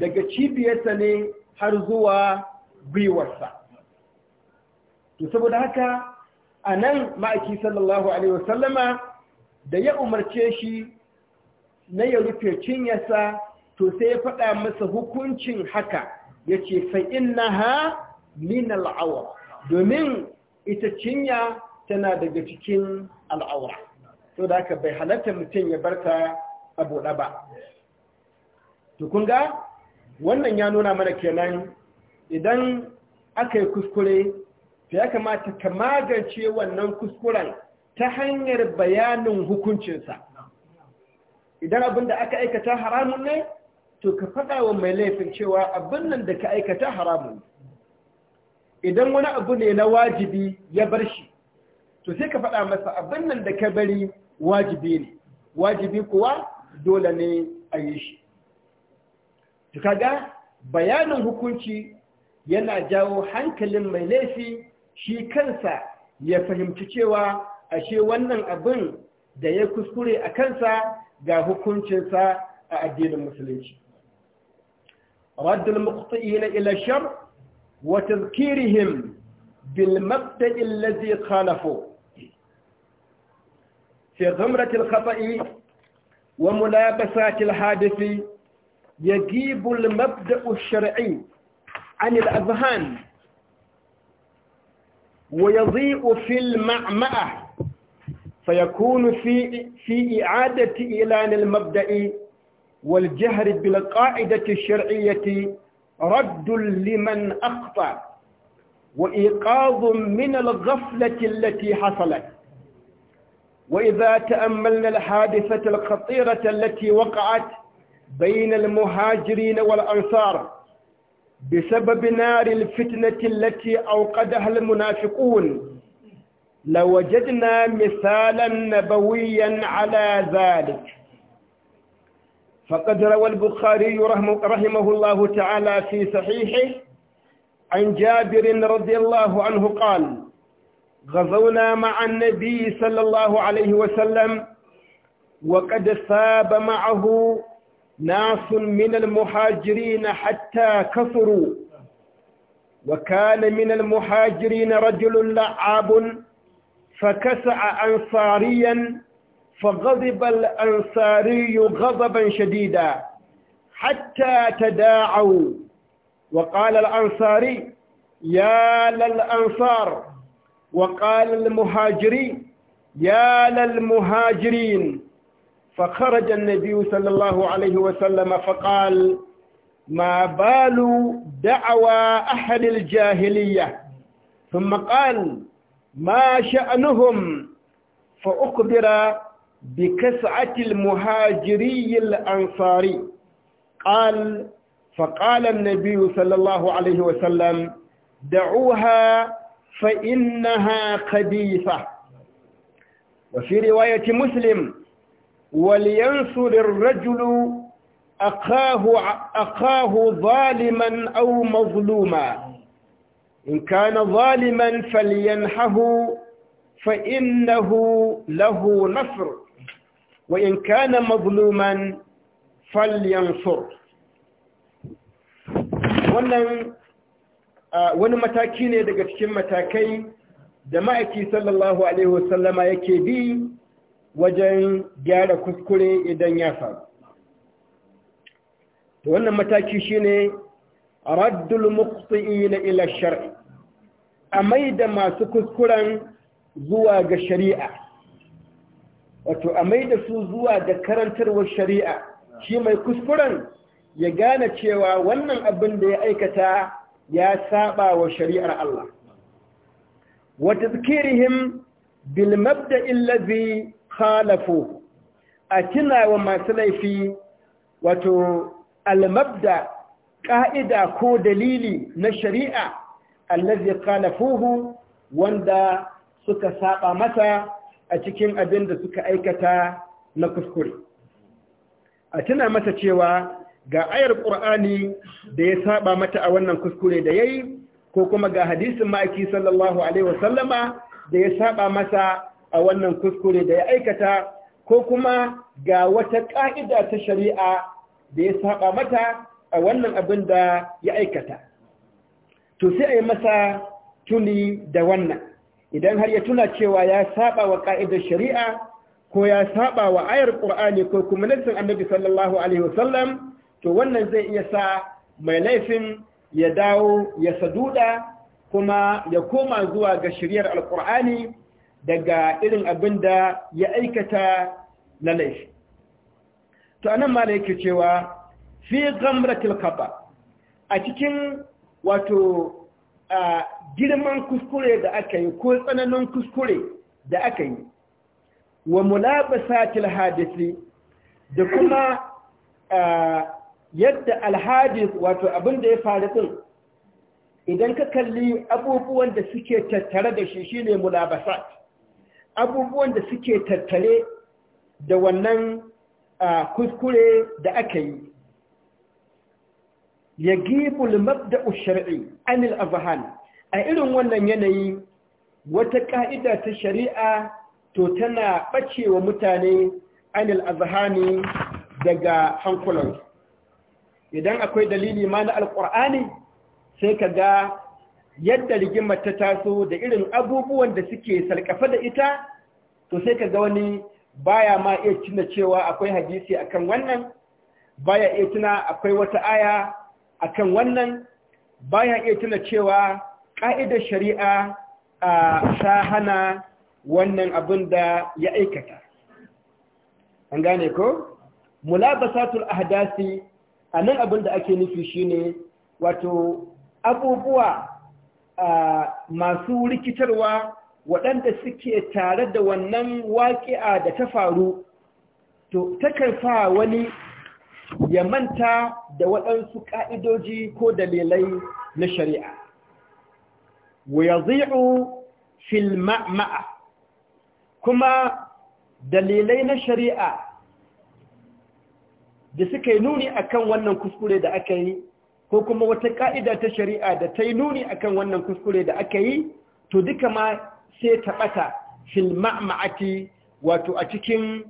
daga cibiyarsa ne har zuwa biwarsa to saboda haka a nan ma'aiki sallallahu alaihi wasallama da ya umarce shi na ya rufe cinyarsa to sai ya faɗa masa hukuncin haka ya ce fa'in na ha min al'awar domin ita cinya tana daga cikin al'aura to da haka bai halatta mutum ya barta a buɗe ba tukunga wannan ya nuna mana kenan idan aka yi kuskure to ya kamata ka magance wannan kuskuren ta hanyar bayanin hukuncinsa idan abin da aka aikata haramun ne to ka faɗa wa mai laifin cewa abin nan da ka aikata haramun idan wani abu ne na wajibi ya bar shi to sai ka faɗa masa abin nan da ka bari wajibi ne wajibi kuwa dole ne a yi shi to kaga bayanin hukunci yana jawo hankalin mai laifi shi kansa ya fahimci cewa ashe wannan abin da ya kuskure a kansa ga hukuncinsa a addinin musulunci raddul muqti'ina ila shar وتذكيرهم بالمبدأ الذي خالفوه في غمرة الخطأ وملابسات الحادث يجيب المبدأ الشرعي عن الأذهان ويضيء في المعمعة فيكون في في إعادة إعلان المبدأ والجهر بالقاعدة الشرعية رد لمن أخطأ وإيقاظ من الغفلة التي حصلت وإذا تأملنا الحادثة الخطيرة التي وقعت بين المهاجرين والأنصار بسبب نار الفتنة التي أوقدها المنافقون لوجدنا مثالا نبويا على ذلك فقد روى البخاري رحمه الله تعالى في صحيحه عن جابر رضي الله عنه قال غزونا مع النبي صلى الله عليه وسلم وقد ثاب معه ناس من المهاجرين حتى كثروا وكان من المهاجرين رجل لعاب فكسع أنصاريا فغضب الأنصاري غضبا شديدا حتى تداعوا وقال الأنصاري يا للأنصار وقال المهاجري يا للمهاجرين فخرج النبي صلى الله عليه وسلم فقال ما بال دعوى أهل الجاهلية ثم قال ما شأنهم فأخبر بكسعة المهاجري الأنصاري قال فقال النبي صلى الله عليه وسلم دعوها فإنها خبيثة وفي رواية مسلم ولينصر الرجل أخاه, أخاه ظالما أو مظلوما إن كان ظالما فلينحه فإنه له نصر wa in kana mazluman falyansur wannan wani mataki ne daga cikin matakai da ma'aiki sallallahu alaihi wasallama yake bi wajen gyara kuskure idan ya faru wannan mataki shine raddul muqti'ina ila shar'i amai da masu kuskuren zuwa ga shari'a wato a mai da su zuwa da karantarwar shari'a shi mai kuskuren ya gane cewa wannan abin da ya aikata ya saba wa shari'ar Allah Wata tazkirihim bilmabda mabda'i allazi khalafu a tuna wa masu laifi wato almabda ƙa'ida ko dalili na shari'a allazi khalafuhu wanda suka saba masa a cikin abin da suka aikata na kuskure a tuna masa cewa ga ayar ƙur'ani da ya saba mata a wannan kuskure da ya yi ko kuma ga hadisin ma'aiki sallallahu alaihi wasallama da ya saba masa a wannan kuskure da ya aikata ko kuma ga wata ƙa'ida ta shari'a da ya saba mata a wannan abin da ya aikata to sai a yi masa tuni da wannan idan har ya tuna cewa ya saba wa ka'idar shari'a ko ya saba wa ayar Al-ƙur'ani, ko kuma nassin annabi sallallahu alaihi wasallam to wannan zai iya sa mai laifin ya dawo ya saduda kuma ya koma zuwa ga shari'ar alqur'ani daga irin abin da ya aikata na laifi to anan ma da yake cewa fi ghamratil kafa, a cikin wato girman kuskure da aka yi ko tsananin kuskure da aka yi wa mulabasa til hadisi da kuma yadda alhadis wato abin da ya faru din idan ka kalli abubuwan da suke tattare da shi shine mulabasa. abubuwan da suke tattare da wannan kuskure da aka yi ya gibul mabda'u shari'i anil azhan a irin wannan yanayi wata ka'ida ta shari'a to tana ɓacewa mutane anil azhani daga hankulansu idan akwai dalili ma na Alƙur'ani, sai ka ga yadda rigimar ta taso da irin abubuwan da suke salkafa da ita to sai ka ga wani baya ma iya tuna cewa akwai hadisi akan wannan baya iya tuna akwai wata aya akan wannan baya iya tuna cewa ƙa'idar shari'a a ta hana wannan abin da ya aikata an gane ko mulabasatul ahdasi a nan abin da ake nufi shi ne wato abubuwa masu rikitarwa waɗanda suke tare da wannan waƙi'a da ta faru to takan wani ya manta da waɗansu ƙa'idoji ko dalilai na shari'a. Wayazi'u fil ma'a kuma dalilai na shari'a da suka yi nuni akan wannan kuskure da aka yi ko kuma wata ƙa'ida ta shari'a da ta yi nuni akan wannan kuskure da aka yi to duka ma sai taɓata fil ma'ati wato a cikin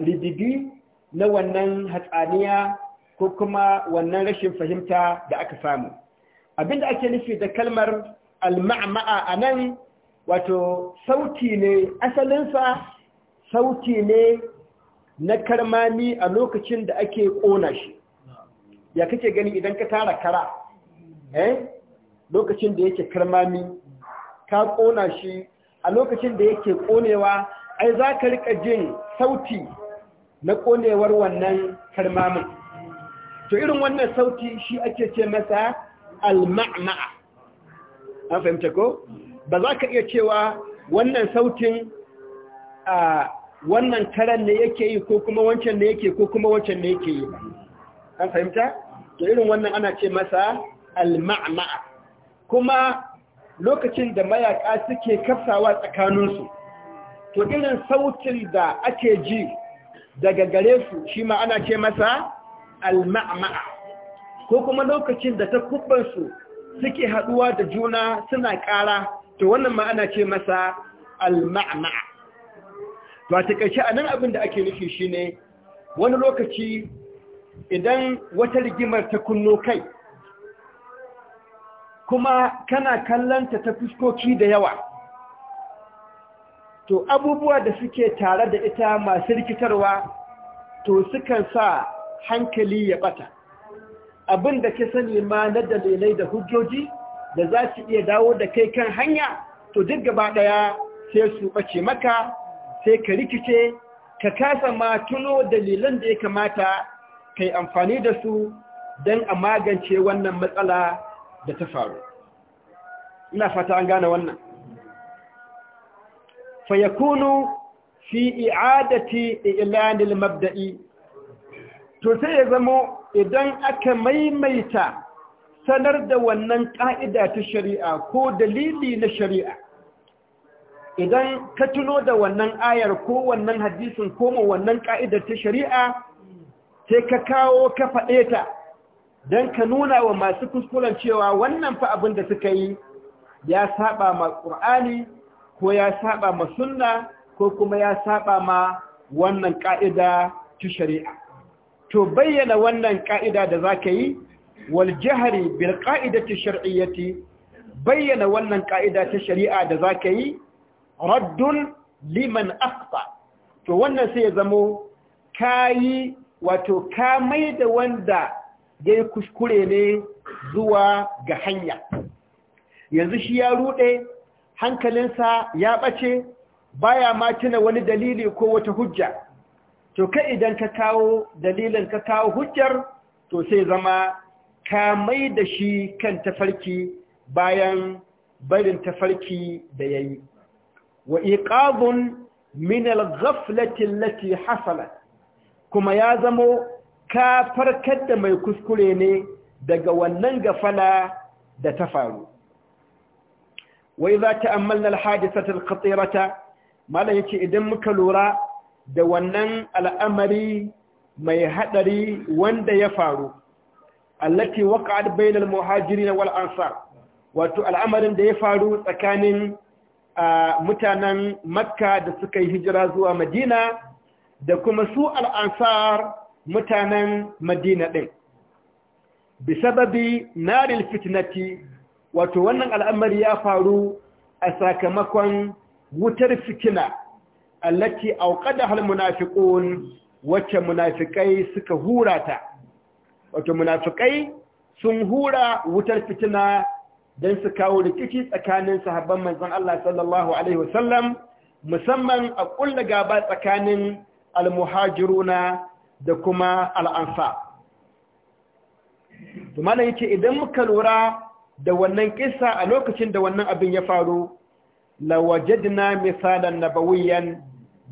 ribibi na wannan hatsaniya ko kuma wannan rashin fahimta da aka samu abinda ake nufi da kalmar alma'ama'a a nan wato sauti ne asalinsa sauti ne na karmami a lokacin da ake ƙona shi ya kake gani idan ka tara kara eh lokacin da yake karmami ka ƙona shi a lokacin da yake ƙonewa ai za ka riƙa jin sauti na konewar wannan karmamin to irin wannan sauti shi ake ce masa al-ma'ma'a an fahimta ko ba za ka iya cewa wannan sautin a wannan karan ne yake yi ko kuma wancan ne yake ko kuma wancan ne yake yi an fahimta to irin wannan ana ce masa al-ma'ma'a kuma lokacin da mayaka suke kafsawa tsakaninsu to irin sautin da ake ji daga gare su shi ma ana ce masa alma'ama'a, ko kuma lokacin da ta suke haduwa da juna suna ƙara to wannan ma ana ce masa alma'ama'a. ta to a nan nan abin da ake nufi shi ne wani lokaci idan wata rigimar ta kunno kai kuma kana kallanta ta fuskoki da yawa to abubuwa da suke tare da ita masu rikitarwa to sukan sa hankali ya bata abin da ka sani ma na dalilai da hujjoji da za su iya dawo da kai kan hanya to duk gaba daya sai su bace maka sai ka rikice ka kasa ma tuno dalilan da ya kamata kai amfani da su don a magance wannan matsala da ta faru ina fata an gane wannan Fayakunu yakunu fi i'adati i'lanil mabda'i to sai ya zamo idan aka maimaita sanar da wannan ƙa'ida ta shari'a ko dalili na shari'a idan ka tuno da wannan ayar ko wannan hadisin ko wannan ƙa'idar ta shari'a sai ka kawo ka faɗe ta don ka nuna wa masu kuskuren cewa wannan fa abin da suka yi ya saɓa ma ƙur'ani ko ya saba ma sunna ko kuma ya saba ma wannan ka'ida ta shari'a to bayyana wannan ka'ida da zaka yi wal jahri bil qa'idati shar'iyyati bayyana wannan ka'ida ta shari'a da zaka yi raddun liman aqta to wannan sai ya zamo kayi wato ka mai da wanda ya kuskure ne zuwa ga hanya yanzu shi ya rude hankalinsa ya ɓace baya ma tuna wani dalili ko wata hujja to kai idan ka kawo dalilin ka kawo hujjar to sai zama ka mai da shi kan tafarki bayan barin tafarki da yayi wa iqadun min al-ghaflati allati hasalat kuma ya zamo ka farkar da mai kuskure ne daga wannan gafala da ta faru wai za ta ammalna alhadisatul Katsirata? malam yace idan muka lura da wannan al'amari mai haɗari wanda ya faru allati waqa'at bainal muhajirin wal ansar wato al'amarin da ya faru tsakanin mutanen makka da suka yi hijira zuwa madina da kuma su al'ansar mutanen madina ɗin bisababi naril fitnati wato wannan al'amari ya faru a sakamakon wutar fitina allati auƙada hal munafiqun wacce munafikai suka hura ta wato munafikai sun hura wutar fitina don su kawo rikici tsakanin sahabban manzon Allah sallallahu alaihi wasallam musamman a ƙulla gaba tsakanin almuhajiruna da kuma al'ansa. Tumana yake idan muka lura da wannan kisa a lokacin da wannan abin ya faru lawajadna misalan nabawiyan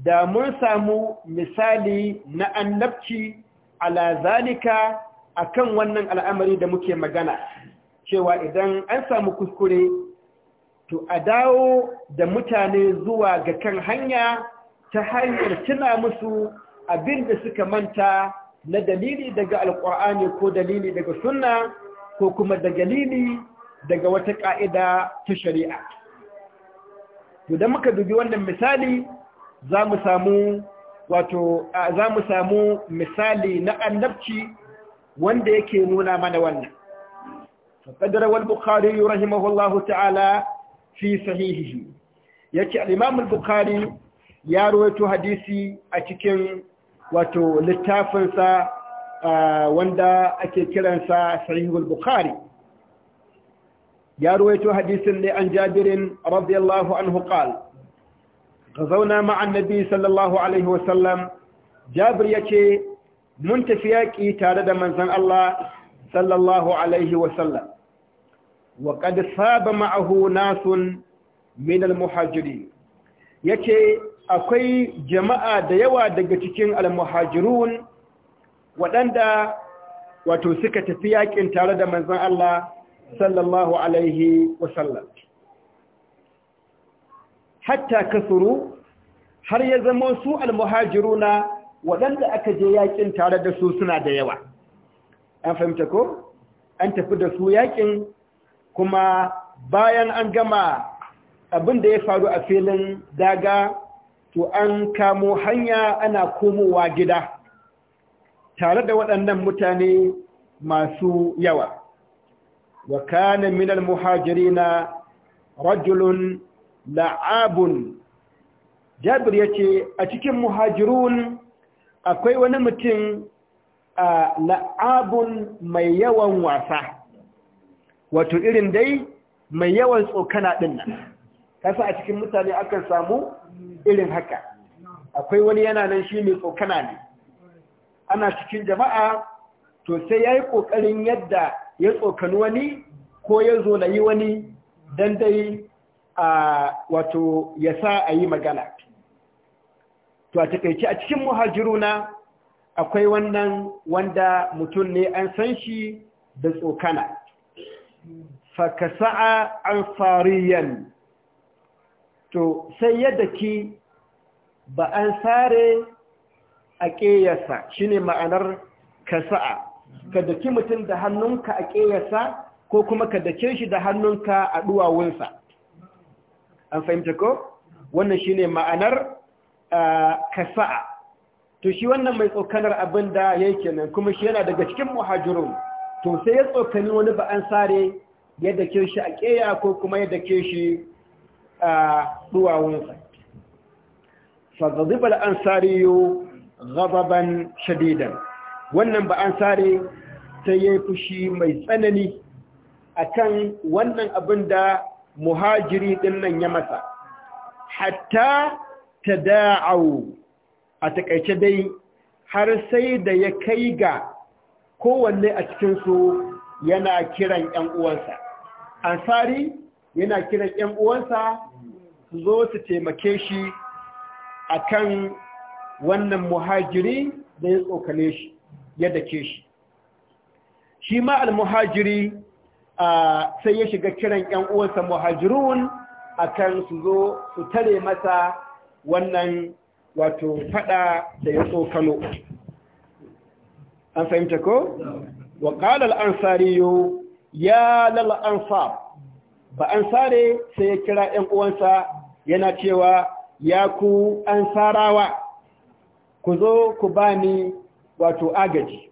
da mun samu misali na annabci ala zalika akan wannan al'amari da muke magana cewa idan an samu kuskure to a dawo da mutane zuwa ga kan hanya ta hanyar tuna musu abin da suka manta na dalili daga alƙur'ani ko dalili daga sunna ko kuma da dalili daga wata ƙa'ida ta shari'a. To, don muka dubi wannan misali za mu samu wato za mu samu misali na annabci wanda yake nuna mana wannan. Faƙadar wal Bukhari rahimahullahu ta'ala fi sahihihi. Ya ce, Al'imamul Bukhari ya rawaito hadisi a cikin wato littafinsa wanda ake kiransa sahihul Bukhari. ya ruwaito hadisin ne an jabirin radiyallahu anhu qal غزونا مع النبي صلى الله عليه وسلم جابر يكي منتفياكي تارد من زن الله صلى الله عليه وسلم وقد صاب معه ناس من المهاجرين yake akwai jama'a da yawa daga cikin almuhajirun waɗanda wato suka tafi yakin tare da manzon Allah sallallahu alaihi wasallam hatta kasuru har ya zama su almuhajiruna waɗanda aka je yakin tare da su suna da yawa an fahimta ko an tafi da su yakin kuma bayan an gama abin da ya faru a filin daga to an kamo hanya ana komowa gida tare da waɗannan mutane masu yawa وكان من المهاجرين رجل لعاب jabir ya ce a cikin muhajirun akwai wani mutum a la'abun mai yawan wasa wato irin dai mai yawan tsokana ɗin nan kasa a cikin mutane akan samu irin haka akwai wani yana nan shi mai tsokana ne ana cikin jama'a to sai ya yi ƙoƙarin yadda ya tsokani wani ko ya zo na yi wani don dai a wato ya sa a yi magana to a takaice a cikin muhajiru na akwai wannan wanda mutum ne an san shi da tsokana fakasa'a an fariyan to sai yadda ki ba an sare a ƙeyarsa shi ne ma'anar kasa'a ka daki mutum da hannunka a ƙeyarsa ko kuma ka dake shi da hannunka a duwawunsa an fahimta ko wannan shine ma'anar kasa'a to shi wannan mai tsokanar abin da yake nan kuma shi yana daga cikin muhajirun to sai ya tsokani wani ba an sare ya dake shi a ƙeya ko kuma ya dake shi a duwawunsa fa ghadiba al-ansariyu ghadaban shadidan wannan ba an sare ya yi fushi mai tsanani akan wannan abin da muhajiri ɗin nan ya masa hatta ta da'au a takaice dai har sai da ya kai ga kowanne a cikinsu yana kiran 'yan uwansa ansari yana kiran 'yan uwansa su zo su taimake shi akan wannan muhajiri da ya tsokane shi ya dake shi shi ma almuhajiri sai ya shiga kiran ‘yan uwansa muhajirun akan su zo su tare masa wannan wato fada da ya kano an fahimta ko? wa ƙalar ansari ya lal ansar ba ansare sai ya kira ‘yan uwansa yana cewa ya ku ansarawa ku zo ku bani.' wato agaji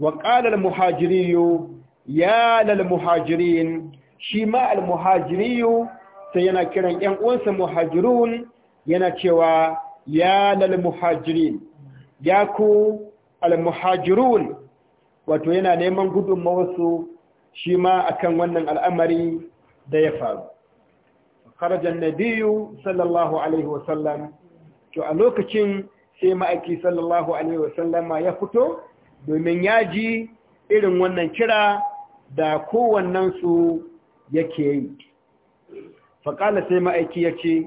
wa qala al muhajiriyu ya lal muhajirin shi ma al muhajiriyu sai yana kiran yan uwansa muhajirun yana cewa ya lal muhajirin ya ku al muhajirun wato yana neman gudun mawasu shi ma akan wannan al'amari da ya faru kharajan nabiyyu sallallahu alaihi wasallam to a lokacin sai ma'aiki sallallahu alaihi wasallama ya fito domin ya ji irin wannan kira da kowannensu yake yi faƙala sai ma'aiki ya ce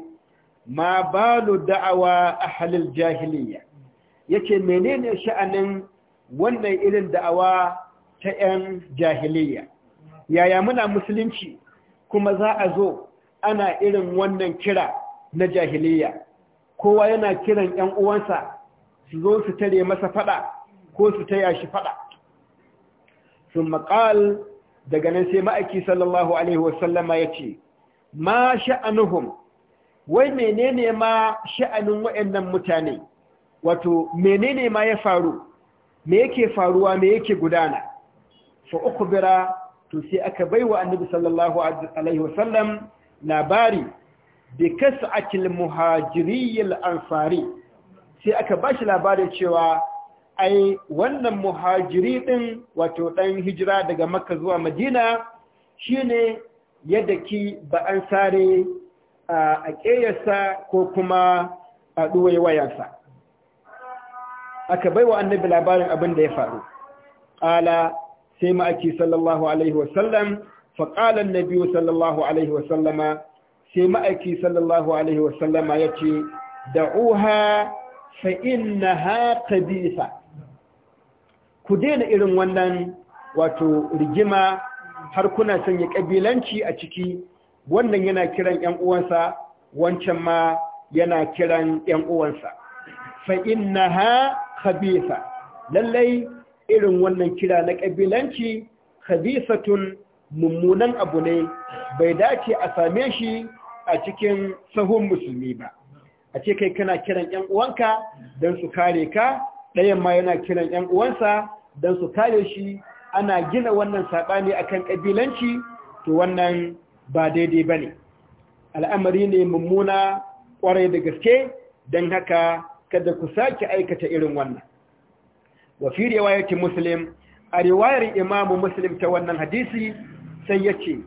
ma balu da'awa a halil jahiliya yake menene sha'anin wannan irin da'awa ta 'yan jahiliya yaya muna musulunci kuma za a zo ana irin wannan kira na jahiliya kowa yana kiran ‘yan uwansa su zo su tare masa fada ko su taya shi fada sun maƙal daga nan sai ma'aiki sallallahu alaihi wasallama ya ce ma sha’anuhun, wai menene ma sha'anin waɗannan mutane wato menene ma ya faru me yake faruwa me yake gudana fa uku bira to sai aka baiwa annabi sallallahu alaihi wasallam labari bi akil muhajiriyar ansari sai aka bashi labarin cewa ai wannan muhajiri din wato ɗan hijira daga makka zuwa madina shine yadda ki ba sare a ƙeyarsa ko kuma a ɗuwaiwayarsa aka baiwa annabi labarin abin da ya faru ƙala sai ma'aiki sallallahu alaihi wasallam faƙalan Nabiyu sallallahu alaihi wasallama sai ma'aiki sallallahu alaihi wasallama ya ce da'uha fa ha qabisa ku daina irin wannan wato rigima har kuna sanya kabilanci a ciki wannan yana kiran 'yan uwansa wancan ma yana kiran 'yan uwansa fa ha khabisa lallai irin wannan kira na kabilanci khabisatun mummunan abu ne bai dace a same shi a cikin sahun musulmi ba a ce kai kana kiran ‘yan uwanka don su kare ka ɗayan ma yana kiran ‘yan uwansa don su kare shi ana gina wannan saɓani a kan ƙabilanci to wannan ba daidai ba ne al'amari ne mummuna ƙwarai da gaske don haka kada ku sake aikata irin wannan wafi riwayatin muslim a riwayar imamu muslim ta wannan hadisi sai ya ce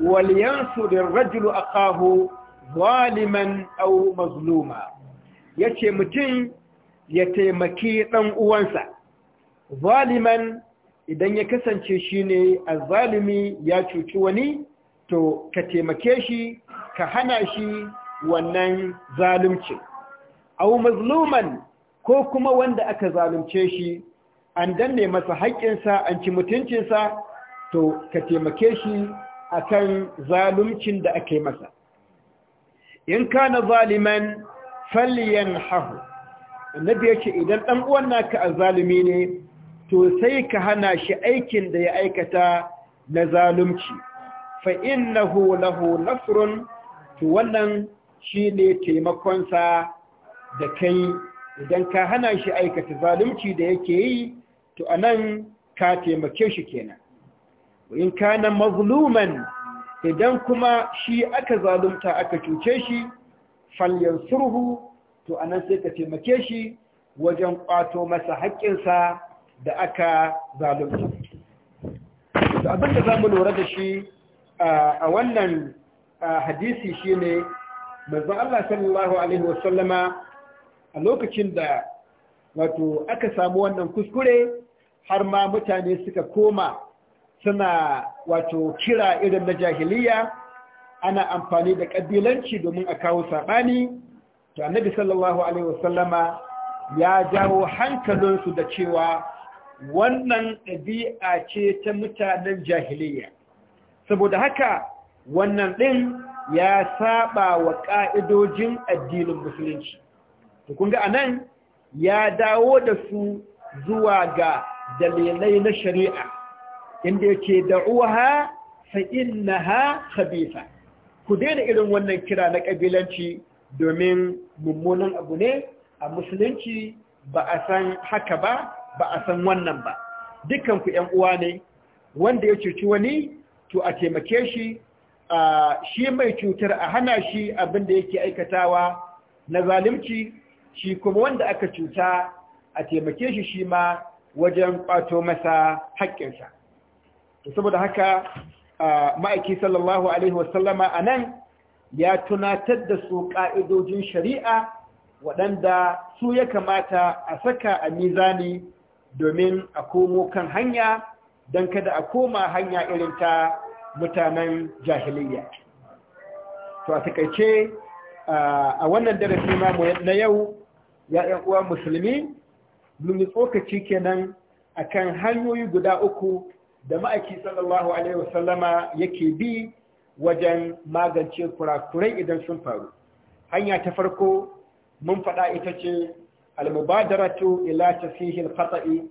walyansuri rajulu kahu zaliman au mazluma ce mutum ya taimaki ɗan uwansa zaliman idan ya kasance shi ne a zalimi ya cuci wani to ka taimake shi ka hana shi wannan zalimci au mazluman ko kuma wanda aka zalunce shi an danne masa haƙƙinsa an ci mutuncinsa to ka taimake shi akan zaluncin da aka masa in kana zaliman falyan hahu annabi yake idan dan uwan naka azalimi ne to sai ka hana shi aikin da ya aikata na zalunci fa innahu lahu nasrun to wannan shine taimakon sa da kai idan ka hana shi aikata zalunci da yake yi to anan ka taimake shi kenan in kana mazluman idan kuma shi aka zalunta aka cuce shi falyansurhu to anan sai ka taimake shi wajen kwato masa haƙƙinsa da aka zalunta to abin da zamu lura da shi a wannan hadisi shine manzon Allah sallallahu alaihi wasallama a lokacin da wato aka samu wannan kuskure har ma mutane suka koma suna wato kira irin na jahiliya ana amfani da ƙabilanci domin a kawo saɓani to annabi sallallahu alaihi wasallama ya jawo hankalinsu da cewa wannan ɗabi'a ce ta mutanen jahiliya saboda haka wannan ɗin ya saba wa ƙa'idojin addinin musulunci tukunga a nan ya dawo da su zuwa ga dalilai na shari'a inda yake da'uha fa innaha khabitha ku daina irin wannan kira na kabilanci domin mummunan abu ne a musulunci ba a san haka ba ba a san wannan ba dukan ku uwa ne wanda ya cuci wani to a taimake shi a shi mai cutar a hana shi abin da yake aikatawa na zalunci, shi kuma wanda aka cuta a taimake shi shi ma wajen ƙwato masa haƙƙinsa to saboda haka ma'aiki sallallahu alaihi wasallama a nan ya tunatar da su ƙa'idojin shari'a waɗanda su ya kamata a saka a mizani domin a komo kan hanya don kada a koma hanya irin ta mutanen jahiliya. To a takaice a wannan darasi mu na yau ya uwa musulmi, mun yi tsokaci kenan akan hanyoyi guda uku da ma'aiki sallallahu alaihi wasallama yake bi wajen magance kurakurai idan sun faru hanya ta farko mun faɗa ita ce almubadaratu ila al khata'i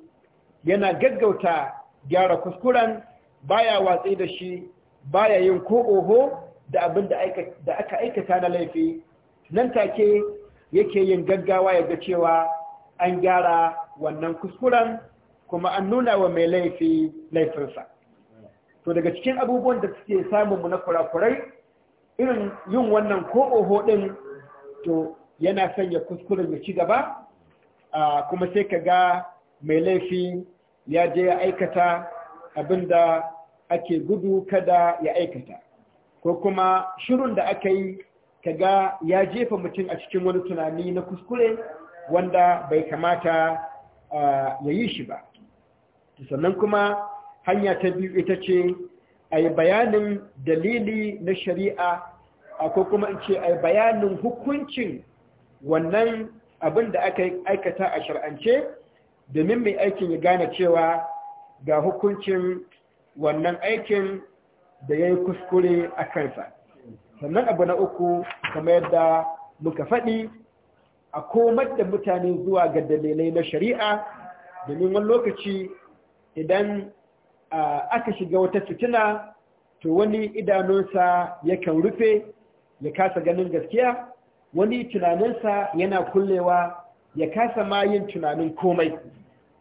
yana gaggauta gyara kuskuren baya watsi da shi baya yin ko oho da abin da aka aikata na laifi nan take yake yin gaggawa ya ga cewa an gyara wannan kuskuren kuma an nuna wa mai laifi laifinsa to daga cikin abubuwan da suke samun mu na kurakurai irin yin wannan ko oho ɗin to yana sanya kuskure ya ci gaba kuma sai ka ga mai laifi ya je ya aikata abin da ake gudu kada ya aikata ko kuma shirin da aka yi ka ga ya jefa mutum a cikin wani tunani na kuskure wanda bai kamata ya yi shi ba sannan kuma hanya ta biyu ita ce a yi bayanin dalili na shari'a ko kuma in ce a yi bayanin hukuncin wannan abin da aka aikata a shar'ance domin mai aikin ya gane cewa ga hukuncin wannan aikin da ya yi kuskure a kansa sannan abu na uku kamar yadda muka faɗi a komar da mutane zuwa ga dalilai na shari'a domin wani lokaci idan aka shiga wata fitina to wani idanunsa yakan rufe ya kasa ganin gaskiya wani tunaninsa yana kullewa ya kasa ma yin tunanin komai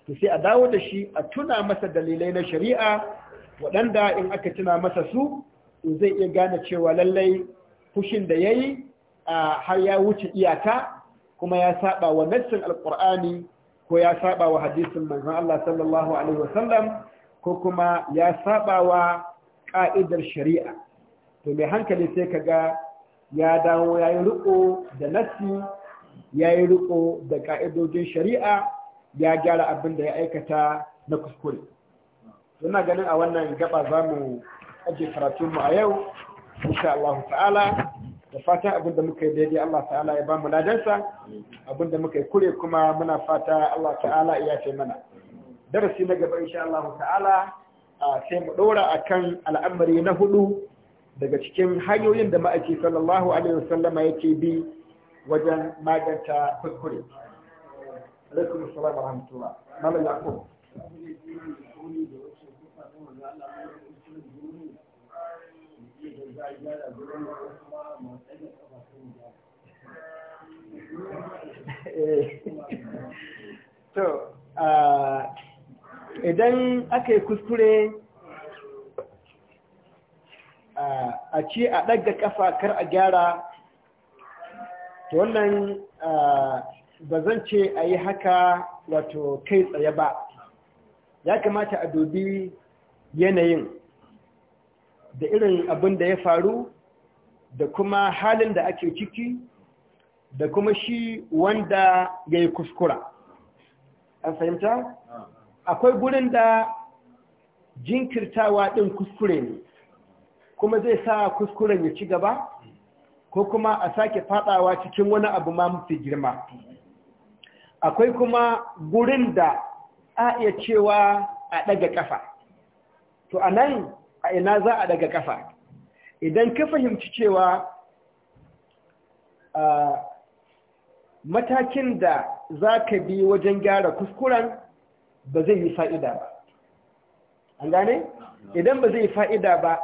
to sai a dawo da shi a tuna masa dalilai na shari'a waɗanda in aka tuna masa su zai iya gane cewa lallai fushin da ya yi har ya wuce iyaka kuma ya saba wa nassin alkur'ani ko ya saba wa hadisin manzon Allah sallallahu alaihi wasallam ko kuma ya saba wa ka'idar shari'a to mai hankali sai kaga ya dawo ya yi riko da nassi ya yi riko da ka'idojin shari'a ya gyara abin da ya aikata na kuskure Ina ganin a wannan gaba za mu ajiye karatunmu a yau insha Allah ta'ala da fata abinda muka yi daidai Allah ta'ala ya ba mu ladansa abinda muka yi kure kuma muna fata Allah ta'ala ya ce mana darasi na gaba insha Allah ta'ala sai mu dora akan al'amari na hudu daga cikin hanyoyin da ma'aiki sallallahu alaihi wasallama yake bi wajen maganta kuskure alaikum assalam wa rahmatullah malam Eh, (laughs) to idan aka yi kuskure a ci a ɗaga ƙafa kar a gyara to wannan ba zan ce a yi haka wato kai tsaye ba ya kamata a dubi yanayin da irin abin da ya faru da kuma halin da ake ciki da kuma shi wanda ya yi kuskura a fahimta akwai gurin da jinkirtawa ɗin kuskure ne kuma zai sa kuskuren ya ci gaba ko kuma a sake fadawa cikin wani abu ma mafi girma akwai kuma gurin da a iya cewa a ɗaga ƙafa to a nan a ina za a ɗaga ƙafa idan ka fahimci cewa ah, matakin da za ka bi wajen gyara kuskuren ba zai yi fa'ida ba an gane? idan ba zai fa'ida ba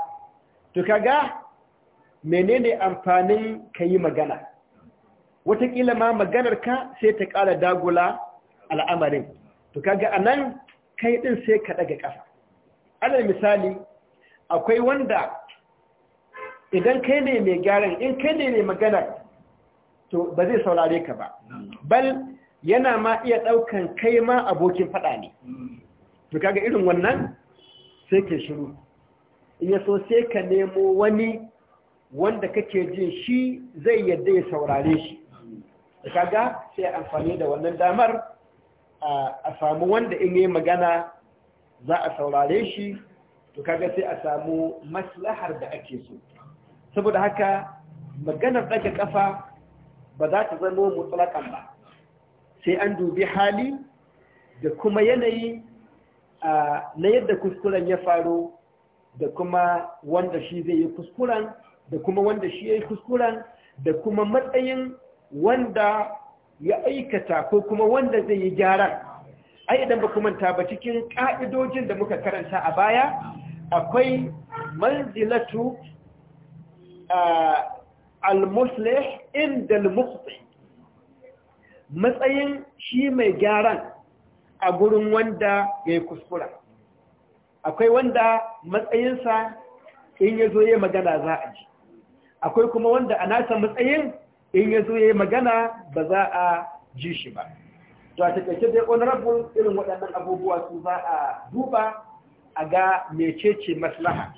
to kaga menene amfanin ka yi magana Wataƙila ma maganar ka sai ta ƙara dagula al'amarin to kaga a nan kai ɗin sai ka ɗaga ƙasa alal misali akwai wanda idan kai ne mai gyaran in kai ne mai maganar to ba zai saurare ka ba bal yana ma iya ɗaukan kai ma abokin faɗa ne to kaga irin wannan sai ke shiru in ya so sai ka nemo wani wanda kake jin shi zai yadda ya saurare shi kaga sai amfani da wannan damar a samu wanda in yi magana za a saurare shi to kaga sai a samu maslahar da ake so saboda haka maganar ɗaga ƙafa ba za ta zama mutsalakan ba sai an dubi hali da kuma yanayi na yadda kuskuren ya faru da kuma wanda shi zai yi kuskuren da kuma wanda shi ya yi kuskuren da kuma matsayin wanda ya aikata ko kuma wanda zai yi gyara ai idan ba manta ba cikin ka'idojin da muka karanta a baya akwai manzilatu al-muslih inda matsayin shi mai gyaran a gurin wanda ya yi kuskura akwai wanda matsayinsa in ya zo ya magana za a ji akwai kuma wanda a nasa matsayin in ya zo ya yi magana ba za a ji shi ba to a taƙaice dai honorable irin waɗannan abubuwa su za a duba a ga mecece maslaha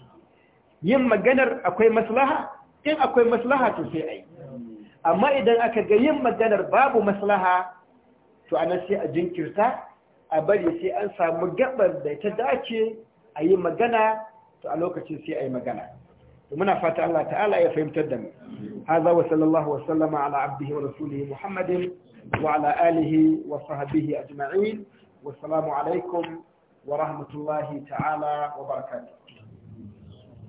yin maganar akwai maslaha in akwai maslaha to sai a yi amma idan aka ga yin maganar babu maslaha to ana sai a jinkirta a bari sai an samu gabar da ta dace a yi magana to a lokacin sai a yi magana muna fata Allah ta'ala ya fahimtar da mu hadha wa sallallahu wa sallama ala abdihi wa rasulihi muhammadin wa ala alihi wa sahbihi ajma'in wa salamu alaikum wa rahmatullahi ta'ala wa barakatuh